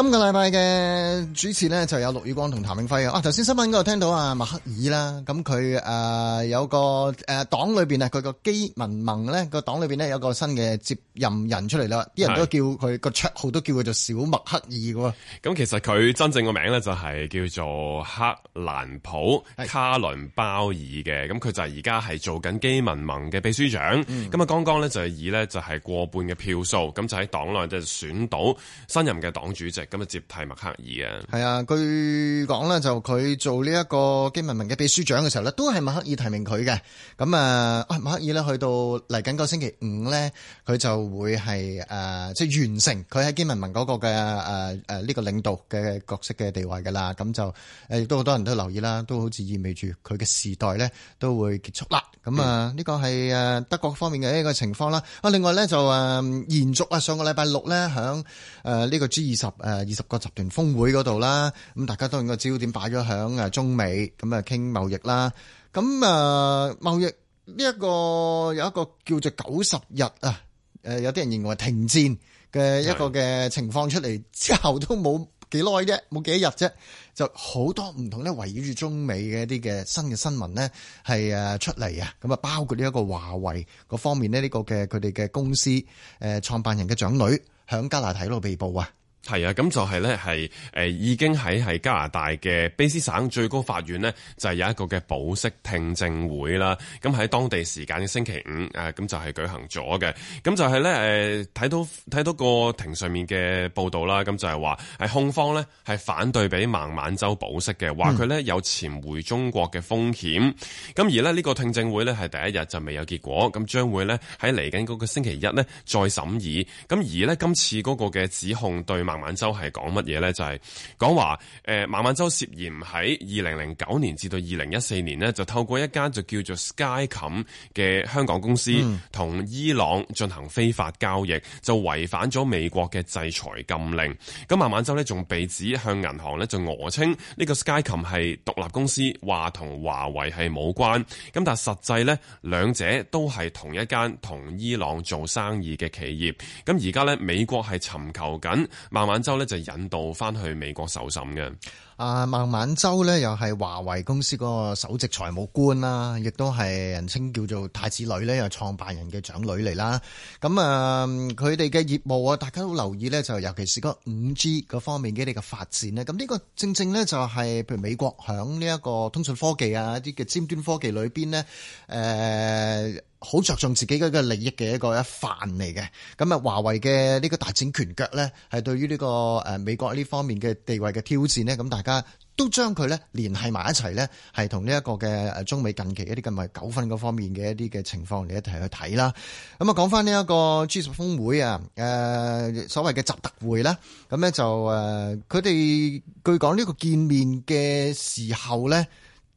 今個禮拜嘅主持咧，就有陸宇光同譚永輝啊！頭先新聞嗰度聽到啊，默克爾啦，咁佢誒有個誒、呃、黨裏邊咧，佢個基民盟咧個黨裏邊咧有個新嘅接任人出嚟啦，啲人都叫佢個綽號都叫佢做小默克爾嘅喎。咁其實佢真正個名咧就係叫做克蘭普卡倫鮑爾嘅，咁佢就而家係做緊基民盟嘅秘書長。咁、嗯、啊，剛剛咧就係以咧就係過半嘅票數，咁就喺黨內就係選到新任嘅黨主席。咁啊，接替默克爾啊，係啊，據講咧就佢做呢一個基民盟嘅秘書長嘅時候咧，都係默克爾提名佢嘅。咁啊，默克爾咧去到嚟緊個星期五咧，佢就會係誒即係完成佢喺基民盟嗰個嘅誒誒呢個領導嘅角色嘅地位噶啦。咁就誒亦都好多人都留意啦，都好似意味住佢嘅時代咧都會結束啦。咁啊，呢個係誒德國方面嘅一個情況啦。啊，另外咧就誒、啊、延續啊，上個禮拜六咧響誒呢、啊，這個 G 二十誒。二十個集團峰會嗰度啦，咁大家都用個焦點擺咗響誒中美咁啊，傾貿易啦。咁啊，貿易呢一個有一個叫做九十日啊，誒，有啲人認為停戰嘅一個嘅情況出嚟之後，都冇幾耐啫，冇幾日啫，就好多唔同咧，圍繞住中美嘅一啲嘅新嘅新聞咧係誒出嚟啊。咁啊，包括呢一個華為嗰方面咧，呢個嘅佢哋嘅公司誒創辦人嘅長女響加拿大嗰度被捕啊。係啊，咁就係咧，係已經喺係加拿大嘅卑詩省最高法院呢，就係、是、有一個嘅保釋聽證會啦。咁喺當地時間嘅星期五，誒、啊、咁就係舉行咗嘅。咁就係咧誒睇到睇到個庭上面嘅報導啦，咁就係話係控方呢，係反對俾孟晚舟保釋嘅，話佢呢有潛回中國嘅風險。咁而呢，呢、這個聽證會呢，係第一日就未有結果，咁將會呢，喺嚟緊嗰個星期一呢，再審議。咁而呢，今次嗰個嘅指控對孟。孟晚舟係講乜嘢呢？就係講話誒，孟、呃、孟晚舟涉嫌喺二零零九年至到二零一四年呢，就透過一間就叫做 Skycom 嘅香港公司，同伊朗進行非法交易，就違反咗美國嘅制裁禁令。咁孟晚舟呢，仲被指向銀行呢，就訛稱呢個 Skycom 係獨立公司，話同華為係冇關。咁但實際呢，兩者都係同一間同伊朗做生意嘅企業。咁而家呢，美國係尋求緊。孟晚舟咧就引渡翻去美國受審嘅。啊孟晚舟咧又係華為公司個首席財務官啦，亦都係人稱叫做太子女咧，又創辦人嘅長女嚟啦。咁啊，佢哋嘅業務啊，大家都留意咧，就尤其是個五 G 嗰方面嘅，佢哋嘅發展咧。咁、這、呢個正正咧就係譬如美國響呢一個通訊科技啊一啲嘅尖端科技裏邊呢誒好着重自己嘅利益嘅一個一範嚟嘅。咁啊，華為嘅呢個大展拳腳咧，係對於呢個誒美國呢方面嘅地位嘅挑戰呢咁大家。都將佢咧連繫埋一齊咧，係同呢一個嘅中美近期一啲咁嘅糾紛嗰方面嘅一啲嘅情況嚟一齊去睇啦。咁啊，講返呢一個 G20 峰會啊，誒所謂嘅習特會啦，咁咧就誒佢哋據講呢個見面嘅時候咧。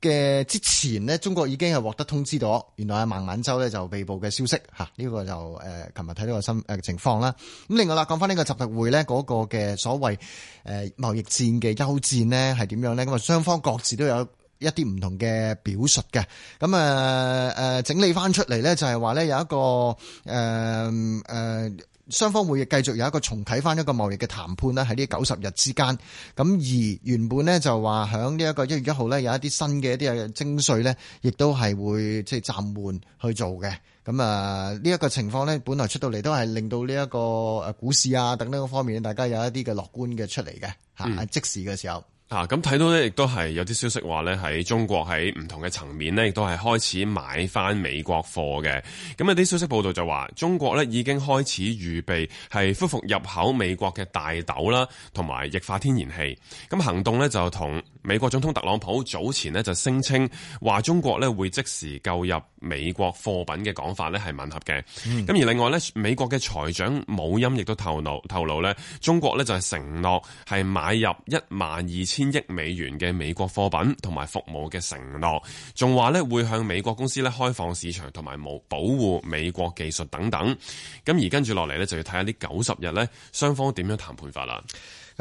嘅之前呢，中國已經係獲得通知到，原來阿孟晚舟咧就被捕嘅消息嚇，呢、啊這個就誒，琴日睇到個新誒情況啦。咁、啊、另外啦，講翻呢個習特會咧，嗰、那個嘅所謂誒、呃、貿易戰嘅休戰呢係點樣咧？咁啊，雙方各自都有一啲唔同嘅表述嘅。咁啊誒，整理翻出嚟咧，就係話咧有一個誒誒。呃呃雙方會繼續有一個重啟翻一個貿易嘅談判啦，喺呢九十日之間。咁而原本呢，就話響呢一個一月一號呢，有一啲新嘅一啲嘅徵稅呢，亦都係會即係暫緩去做嘅。咁啊呢一個情況呢，本來出到嚟都係令到呢一個誒股市啊等等方面，大家有一啲嘅樂觀嘅出嚟嘅吓即時嘅時候。啊，咁睇到咧，亦都係有啲消息話咧，喺中國喺唔同嘅層面咧，亦都係開始買翻美國貨嘅。咁有啲消息報道就話，中國咧已經開始預備係恢復入口美國嘅大豆啦，同埋液化天然氣。咁行動咧就同美國總統特朗普早前咧就聲稱話中國咧會即時購入美國貨品嘅講法咧係吻合嘅。咁而另外咧，美國嘅財長姆欽亦都透露透露咧，中國咧就係承諾係買入一萬二千億美元嘅美國貨品同埋服務嘅承諾，仲話咧會向美國公司咧開放市場同埋無保護美國技術等等。咁而跟住落嚟咧，就要睇下呢九十日咧雙方點樣談判法啦。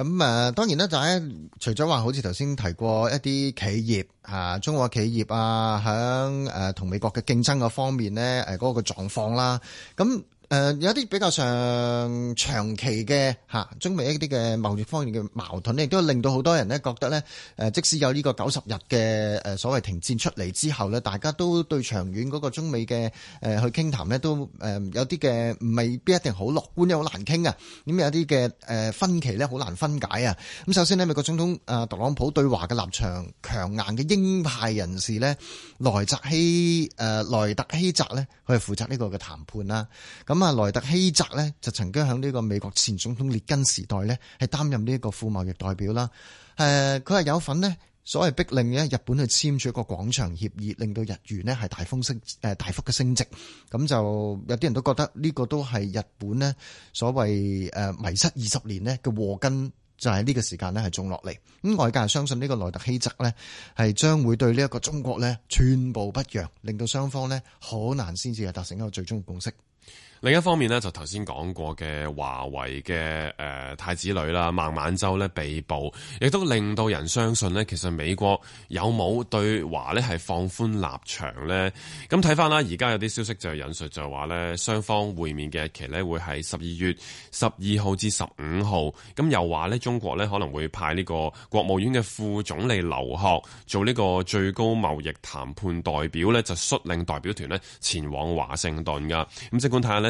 咁啊，當然咧就係除咗話好似頭先提過一啲企業吓，中國企業啊，響誒同美國嘅競爭嘅方面咧，誒嗰個狀況啦，咁。誒、呃、有啲比較上長期嘅嚇、啊、中美一啲嘅貿易方面嘅矛盾咧，亦都令到好多人咧覺得咧，誒、呃、即使有呢個九十日嘅誒所謂停戰出嚟之後咧，大家都對長遠嗰個中美嘅誒、呃、去傾談咧都誒、呃、有啲嘅未必一定好樂觀，又好難傾啊。咁有啲嘅誒分歧咧好難分解啊。咁首先咧，美國總統啊、呃、特朗普對華嘅立場強硬嘅鷹派人士咧。萊澤希誒萊特希澤咧，佢係負責呢個嘅談判啦。咁啊，萊特希澤咧就曾經喺呢個美國前總統列根時代咧，係擔任呢一個副貿易代表啦。誒，佢係有份呢所謂逼令呢日本去簽署一個廣場協議，令到日元呢係大幅升誒大幅嘅升值。咁就有啲人都覺得呢個都係日本呢所謂誒迷失二十年呢嘅禍根。就喺、是、呢個時間咧，係種落嚟。咁外界相信呢個萊特希澤咧，係將會對呢一個中國咧寸步不讓，令到雙方咧好難先至係達成一個最終共識。另一方面呢，就頭先講過嘅華為嘅誒、呃、太子女啦，孟晚舟咧被捕，亦都令到人相信咧，其實美國有冇對華咧係放寬立場咧？咁睇翻啦，而家有啲消息就引述就係話咧，雙方會面嘅日期咧會係十二月十二號至十五號，咁又話咧中國咧可能會派呢個國務院嘅副總理劉鶴做呢個最高貿易談判代表咧，就率領代表團咧前往華盛頓噶。咁即管睇下呢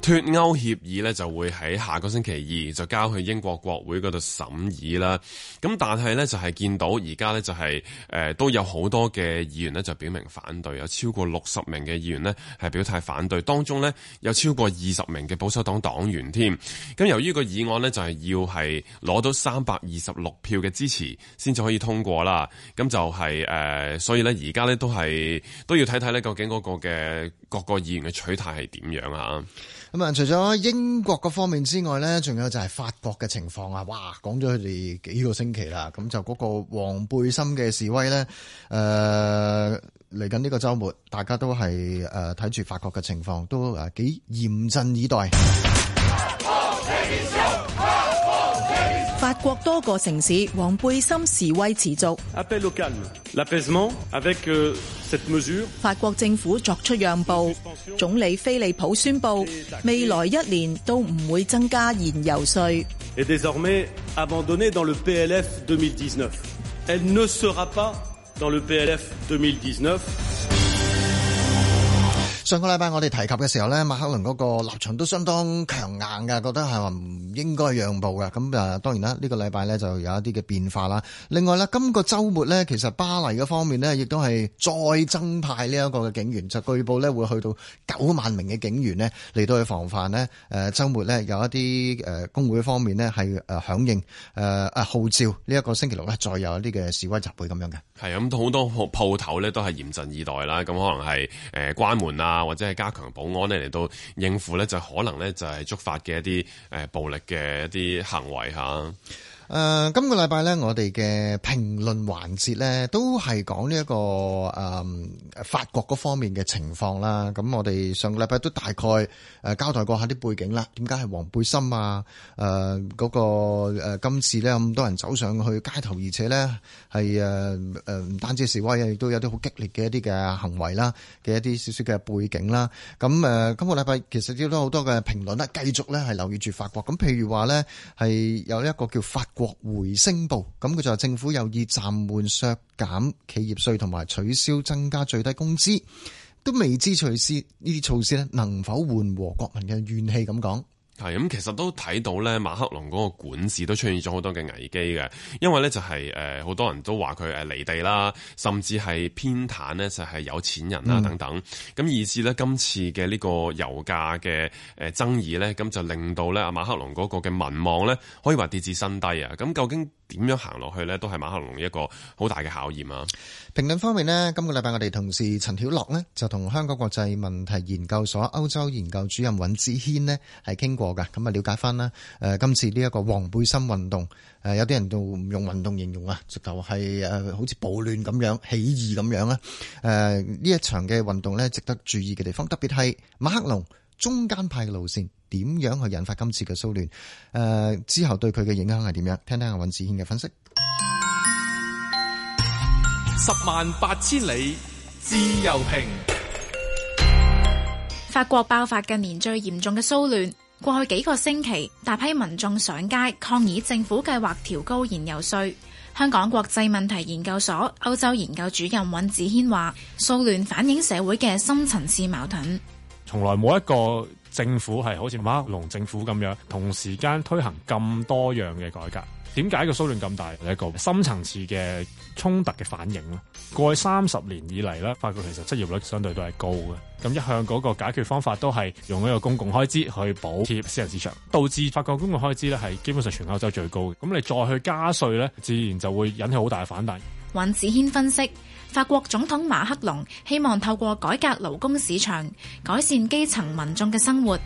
脫歐協議咧就會喺下個星期二就交去英國國會嗰度審議啦。咁但係咧就係見到而家咧就係、是、誒、呃、都有好多嘅議員咧就表明反對，有超過六十名嘅議員呢，係表態反對，當中呢，有超過二十名嘅保守黨黨員添。咁由於個議案呢，就係要係攞到三百二十六票嘅支持先至可以通過啦。咁就係、是、誒、呃、所以咧而家咧都係都要睇睇咧究竟嗰個嘅各個議員嘅取態係點樣啊？咁啊，除咗英國嗰方面之外咧，仲有就係法國嘅情況啊！哇，講咗佢哋幾個星期啦，咁就嗰個黃背心嘅示威咧，誒，嚟緊呢個周末，大家都係誒睇住法國嘅情況，都誒幾嚴陣以待。法國多個城市黃背心示威持續。法國政府作出讓步，總理菲利普宣布未來一年都唔會增加燃油稅。上個禮拜我哋提及嘅時候咧，馬克龍嗰個立場都相當強硬嘅，覺得係話唔應該讓步㗎。咁啊，當然啦，呢、呢個禮拜咧就有一啲嘅變化啦。另外咧，今個週末咧，其實巴黎嘅方面呢，亦都係再增派呢一個嘅警員，就據報咧會去到九萬名嘅警員呢嚟到去防範呢誒，週末呢，有一啲誒工會方面呢係誒響應誒啊號召呢一、呢個星期六呢，再有一啲嘅示威集會咁樣嘅。係咁，好、嗯、多鋪頭頭都係嚴陣以待啦。咁可能係誒關門啊。啊，或者係加強保安咧嚟到應付咧，就可能咧就係觸發嘅一啲誒暴力嘅一啲行為嚇。誒，今個禮拜咧，我哋嘅評論環節咧，都係講呢一個誒法國嗰方面嘅情況啦。咁我哋上個禮拜都大概誒交代過下啲背景啦。點解係黃背心啊？誒，嗰個誒今次咧咁多人走上去街頭，而且咧係誒誒唔單止示威，亦都有啲好激烈嘅一啲嘅行為啦，嘅一啲少少嘅背景啦。咁誒，今個禮拜其實都有好多嘅評論啦，繼續咧係留意住法國。咁譬如話咧係有呢一個叫法。國回升報，咁佢就話政府有意暫緩削減企業稅同埋取消增加最低工資，都未知隨時呢啲措施能否緩和國民嘅怨氣咁講。係咁，其實都睇到咧，馬克龍嗰個管治都出現咗好多嘅危機嘅，因為咧就係誒好多人都話佢誒離地啦，甚至係偏袒呢就係有錢人啦等等，咁以至呢，今次嘅呢個油價嘅誒爭議咧，咁就令到咧阿馬克龍嗰個嘅民望咧可以話跌至新低啊！咁究竟點樣行落去呢？都係馬克龍一個好大嘅考驗啊！評論方面呢，今個禮拜我哋同事陳曉樂呢，就同香港國際問題研究所歐洲研究主任尹志軒呢係傾過噶，咁啊了解翻啦。誒，今次呢一個黃背心運動，誒，有啲人都唔用運動形容啊，直頭係誒好似暴亂咁樣、起義咁樣啦。誒，呢一場嘅運動呢，值得注意嘅地方，特別係馬克龍。中間派嘅路線點樣去引發今次嘅騷亂？誒、呃，之後對佢嘅影響係點樣？聽聽阿尹子軒嘅分析。十萬八千里自由平，法國爆發近年最嚴重嘅騷亂。過去幾個星期，大批民眾上街抗議政府計劃調高燃油稅。香港國際問題研究所歐洲研究主任尹子軒話，騷亂反映社會嘅深層次矛盾。從來冇一個政府係好似馬克龍政府咁樣，同時間推行咁多樣嘅改革。點解個騷亂咁大？係一個深層次嘅衝突嘅反應咯。過去三十年以嚟咧，法國其實失業率相對都係高嘅。咁一向嗰個解決方法都係用一個公共開支去補貼私人市場，導致法國公共開支咧係基本上全歐洲最高嘅。咁你再去加稅咧，自然就會引起好大嘅反彈。尹子軒分析。法國總統馬克龍希望透過改革勞工市場改善基層民眾嘅生活，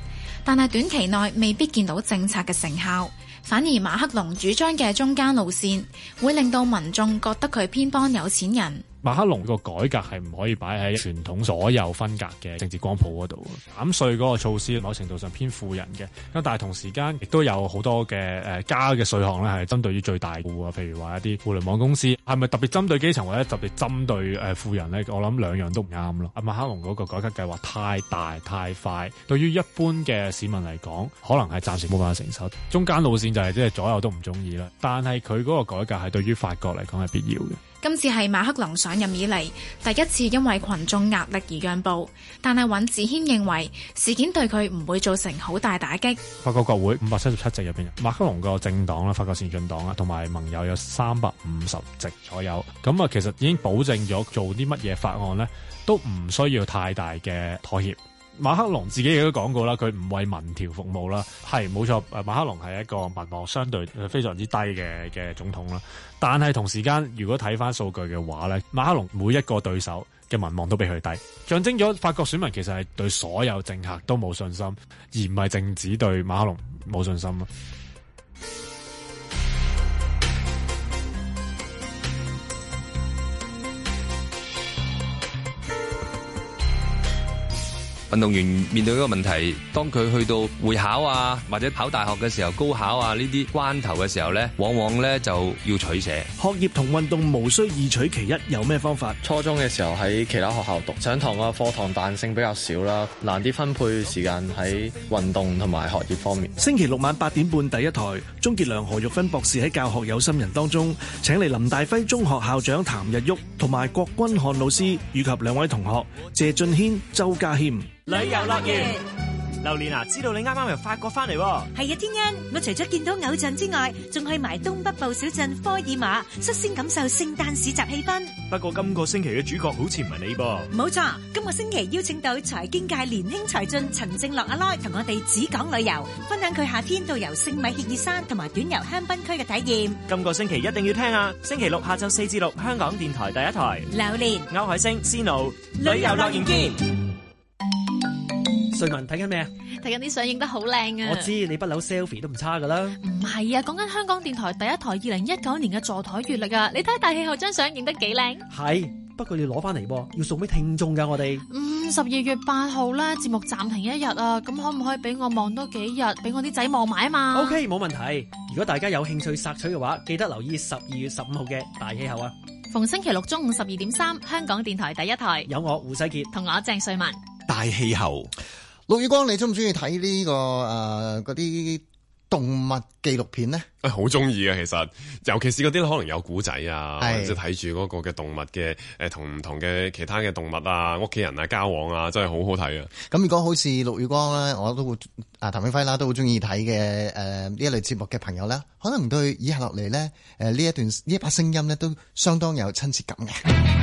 但係短期內未必見到政策嘅成效，反而馬克龍主張嘅中間路線會令到民眾覺得佢偏幫有錢人。馬克龍個改革係唔可以擺喺傳統所有分隔嘅政治光譜嗰度。減稅嗰個措施某程度上偏富人嘅，咁但係同時間亦都有好多嘅誒、呃、加嘅稅項咧，係針對於最大戶啊，譬如話一啲互聯網公司係咪特別針對基層或者特別針對、呃、富人咧？我諗兩樣都唔啱咯。阿馬克龍嗰個改革計劃太大太快，對於一般嘅市民嚟講，可能係暫時冇辦法承受。中間路線就係即係左右都唔中意啦。但係佢嗰個改革係對於法國嚟講係必要嘅。今次係馬克龍上任以嚟第一次因為群眾壓力而讓步，但係尹志軒認為事件對佢唔會造成好大打擊。法國國會五百七十七席入邊，馬克龍個政黨啦，法國前進黨啊，同埋盟友有三百五十席左右，咁啊，其實已經保證咗做啲乜嘢法案咧，都唔需要太大嘅妥協。馬克龍自己亦都講過啦，佢唔為民調服務啦，係冇錯。誒，馬克龍係一個民望相對非常之低嘅嘅總統啦。但係同時間，如果睇返數據嘅話咧，馬克龍每一個對手嘅民望都比佢低，象徵咗法國選民其實係對所有政客都冇信心，而唔係淨止對馬克龍冇信心咯。運動員面對呢個問題，當佢去到會考啊，或者考大學嘅時候，高考啊呢啲關頭嘅時候呢，往往呢就要取捨。學業同運動無需二取其一，有咩方法？初中嘅時候喺其他學校讀，上堂啊，課堂彈性比較少啦，難啲分配時間喺運動同埋學業方面。星期六晚八點半第一台，鍾杰良、何玉芬博，博士喺教學有心人當中，請嚟林大輝中學校長譚日旭同埋郭君漢老師，以及兩位同學謝俊軒、周家謙。旅遊樂園，榴蓮啊！知道你啱啱由法國翻嚟，係啊，天恩！我除咗見到偶像之外，仲去埋東北部小鎮科爾瑪，率先感受聖誕市集氣氛。不過今個星期嘅主角好似唔係你噃。冇錯，今個星期邀請到財經界年輕才俊陳正樂阿奶，同我哋只講旅遊，分享佢夏天導遊聖米歇爾山同埋短遊香檳區嘅體驗。今個星期一定要聽啊！星期六下晝四至六，香港電台第一台。榴蓮，歐海星，Snow，旅遊樂園見。瑞文，睇緊咩啊？睇緊啲相影得好靚啊！我知你不嬲 selfie 都唔差噶啦。唔係啊，講緊香港電台第一台二零一九年嘅座台月曆啊！你睇大氣候張相影得幾靚？係，不過你要攞翻嚟，要送俾聽眾噶我哋。嗯，十二月八號啦，節目暫停一日啊，咁可唔可以俾我望多幾日？俾我啲仔望埋啊嘛。OK，冇問題。如果大家有興趣索取嘅話，記得留意十二月十五號嘅大氣候啊。逢星期六中午十二點三，香港電台第一台，有我胡世杰同我鄭瑞文大氣候。陸宇光，你中唔中意睇呢個誒嗰啲動物紀錄片咧？誒、欸，好中意啊，其實，尤其是嗰啲可能有古仔啊，即係睇住嗰個嘅動物嘅誒，呃、同唔同嘅其他嘅動物啊，屋企人啊交往啊，真係好好睇啊！咁如果好似陸宇光咧，我都會啊譚永輝啦，都好中意睇嘅誒呢一類節目嘅朋友咧，可能對以下落嚟咧誒呢、呃、一段呢一把聲音咧，都相當有親切感嘅。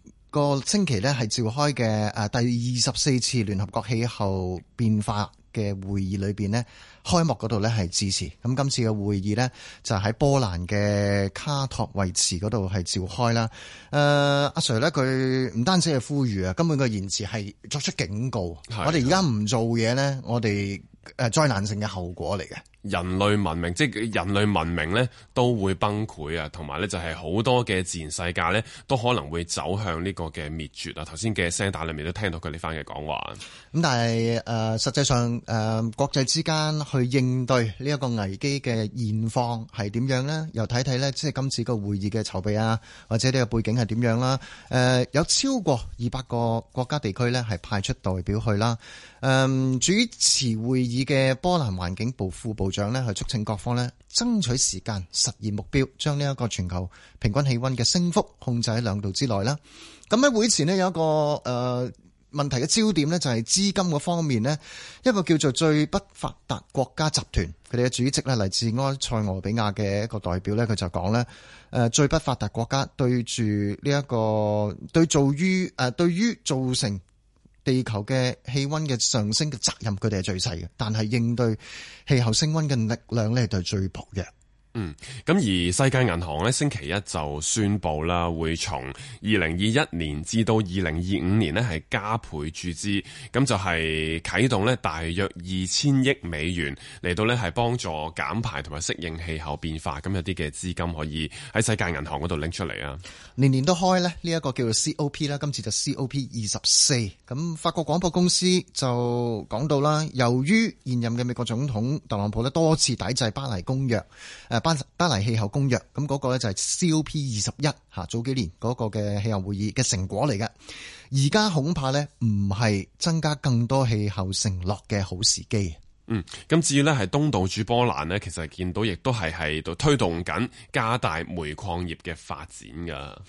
個星期咧係召開嘅誒第二十四次聯合國氣候變化嘅會議裏邊呢，開幕嗰度咧係支持。咁今次嘅會議呢，就喺波蘭嘅卡托維茨嗰度係召開啦。誒，阿 Sir 咧佢唔單止係呼籲啊，根本個言辭係作出警告。我哋而家唔做嘢呢，我哋。我誒，災難性嘅後果嚟嘅，人類文明即係人類文明咧都會崩潰啊，同埋咧就係好多嘅自然世界咧都可能會走向呢個嘅滅絕啊！頭先嘅聲帶裏面都聽到佢呢番嘅講話。咁但係誒、呃，實際上誒、呃，國際之間去應對呢一個危機嘅現況係點樣咧？又睇睇咧，即係今次個會議嘅籌備啊，或者呢個背景係點樣啦？誒、呃，有超過二百個國家地區咧係派出代表去啦。嗯，主持會議嘅波蘭環境部副部長呢去促請各方呢爭取時間實現目標，將呢一個全球平均氣温嘅升幅控制喺兩度之內啦。咁喺會前呢有一個誒問題嘅焦點呢就係資金嘅方面呢一個叫做最不發達國家集團，佢哋嘅主席呢嚟自埃塞俄比亞嘅一個代表呢佢就講咧，誒最不發達國家對住呢一個對於誒對於造成。地球嘅氣溫嘅上升嘅責任，佢哋係最細嘅，但係應對氣候升溫嘅力量咧，就係最薄弱的。嗯，咁而世界銀行咧星期一就宣布啦，會從二零二一年至到二零二五年呢係加倍注資，咁就係啟動呢大約二千億美元嚟到呢係幫助減排同埋適應氣候變化，咁有啲嘅資金可以喺世界銀行嗰度拎出嚟啊。年年都開呢呢一個叫做 COP 啦，今次就 COP 二十四。咁法國廣播公司就講到啦，由於現任嘅美國總統特朗普呢多次抵制巴黎公約，誒。《巴巴黎氣候公約》咁、那、嗰個咧就係 COP 二十一嚇，早幾年嗰個嘅氣候會議嘅成果嚟嘅。而家恐怕咧唔係增加更多氣候承諾嘅好時機。嗯，咁至於咧係東道主波蘭咧，其實見到亦都係喺度推動緊加大煤礦業嘅發展噶。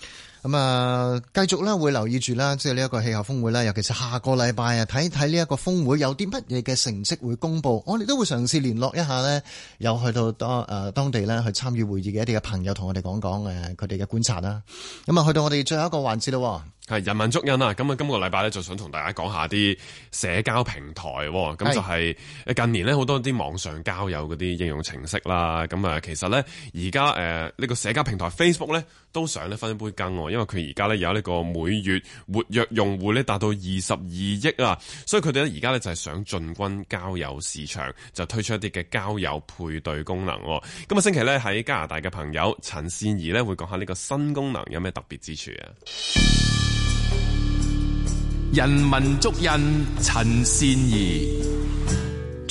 咁啊，繼續啦，會留意住啦，即係呢一個氣候峰會啦。尤其是下個禮拜啊，睇睇呢一個峰會有啲乜嘢嘅成績會公布。我哋都會嘗試聯絡一下咧，有去到多誒當地咧去參與會議嘅一啲嘅朋友，同我哋講講誒佢哋嘅觀察啦。咁啊，去到我哋最後一個環節咯，係人民足印啊！咁啊，今個禮拜咧就想同大家講下啲社交平台，咁就係近年咧好多啲網上交友嗰啲應用程式啦。咁啊，其實咧而家誒呢個社交平台 Facebook 咧都想咗分一杯羹喎。因為佢而家咧有呢個每月活躍用戶咧達到二十二億啊，所以佢哋咧而家咧就係想進軍交友市場，就推出一啲嘅交友配對功能。今日星期咧喺加拿大嘅朋友陳善儀咧會講下呢個新功能有咩特別之處啊？人民足印陳善儀。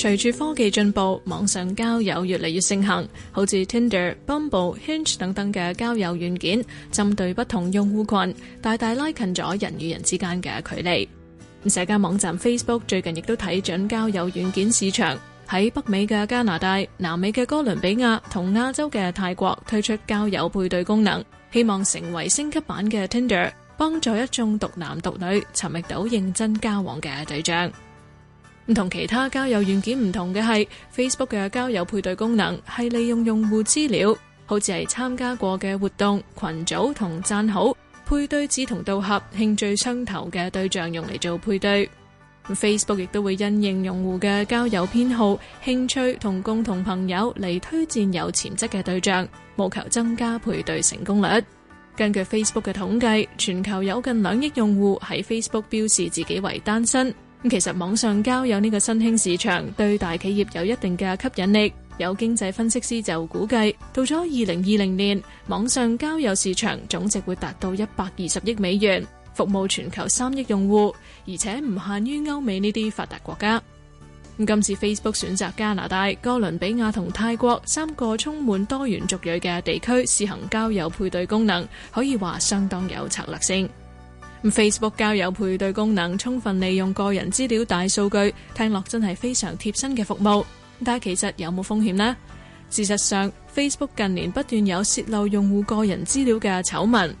隨住科技進步，網上交友越嚟越盛行，好似 Tinder、Bumble、Hinge 等等嘅交友軟件，針對不同用戶群，大大拉近咗人與人之間嘅距離。社交網站 Facebook 最近亦都睇準交友軟件市場，喺北美嘅加拿大、南美嘅哥倫比亞同亞洲嘅泰國推出交友配對功能，希望成為升級版嘅 Tinder，幫助一眾獨男獨女尋覓到認真交往嘅對象。同其他交友軟件唔同嘅係，Facebook 嘅交友配對功能係利用用戶資料，好似係參加過嘅活動、群組同讚好，配對志同道合、興趣相投嘅對象用嚟做配對。Facebook 亦都會因應用戶嘅交友偏好、興趣同共同朋友嚟推薦有潛質嘅對象，務求增加配對成功率。根據 Facebook 嘅統計，全球有近兩億用戶喺 Facebook 表示自己為單身。咁其實網上交友呢個新興市場對大企業有一定嘅吸引力，有經濟分析師就估計，到咗二零二零年，網上交友市場總值會達到一百二十億美元，服務全球三億用戶，而且唔限於歐美呢啲發達國家。咁今次 Facebook 選擇加拿大、哥倫比亞同泰國三個充滿多元族裔嘅地區試行交友配對功能，可以話相當有策略性。Facebook 交友配對功能充分利用個人資料大數據，聽落真係非常貼身嘅服務。但其實有冇風險呢？事實上，Facebook 近年不斷有洩露用戶個人資料嘅醜聞。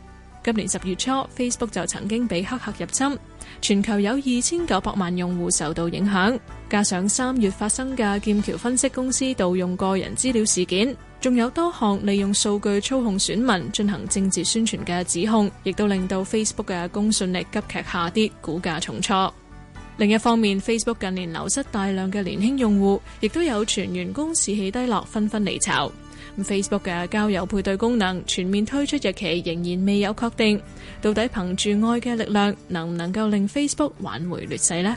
今年十月初，Facebook 就曾經被黑客入侵，全球有二千九百萬用戶受到影響。加上三月發生嘅劍橋分析公司盜用個人資料事件仲有多項利用數據操控選民進行政治宣傳嘅指控，亦都令到 Facebook 嘅公信力急劇下跌，股價重挫。另一方面，Facebook 近年流失大量嘅年輕用戶，亦都有全員工士氣低落，紛紛離巢。Facebook 嘅交友配對功能全面推出日期仍然未有確定，到底憑住愛嘅力量能唔能夠令 Facebook 挽回劣勢呢？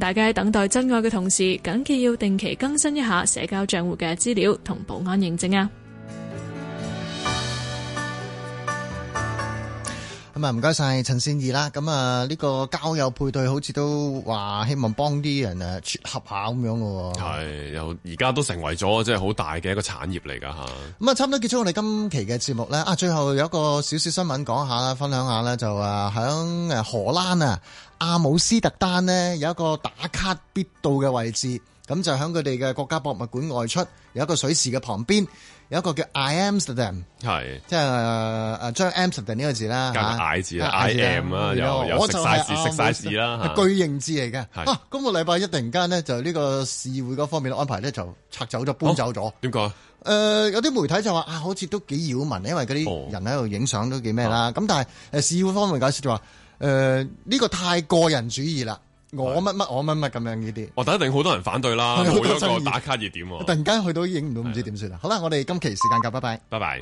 大家喺等待真愛嘅同時，緊記要定期更新一下社交賬戶嘅資料同保安認證啊！咁啊，唔該晒陳善義啦。咁啊，呢個交友配對好似都話希望幫啲人啊，撮合下咁樣喎。係，又而家都成為咗，即係好大嘅一個產業嚟噶吓。咁啊，差唔多結束我哋今期嘅節目咧。啊，最後有一個少少新聞講下啦，分享下啦就啊，喺誒荷蘭啊阿姆斯特丹呢，有一個打卡必到嘅位置，咁就喺佢哋嘅國家博物館外出，有一個水池嘅旁邊。有一個叫 I Amsterdam 係即係誒，將 Amsterdam 呢個字啦吓，I 字、啊、M 啦，有又 size、就是、字 s 字啦，巨型字嚟嘅。啊，今個禮拜一突然間咧，就呢個市會嗰方面嘅安排咧，就拆走咗，搬走咗。點、哦、解？誒、呃，有啲媒體就話啊，好似都幾擾民，因為嗰啲人喺度影相都幾咩啦。咁、哦、但係誒，市會方面解釋就話，誒、呃，呢、這個太個人主義啦。我乜乜我乜乜咁樣呢啲，我等一定好多人反對啦，好多個打卡熱點、啊。突然間去到影唔到不、啊，唔知點算啦。好啦，我哋今期時間夠，拜拜，拜拜。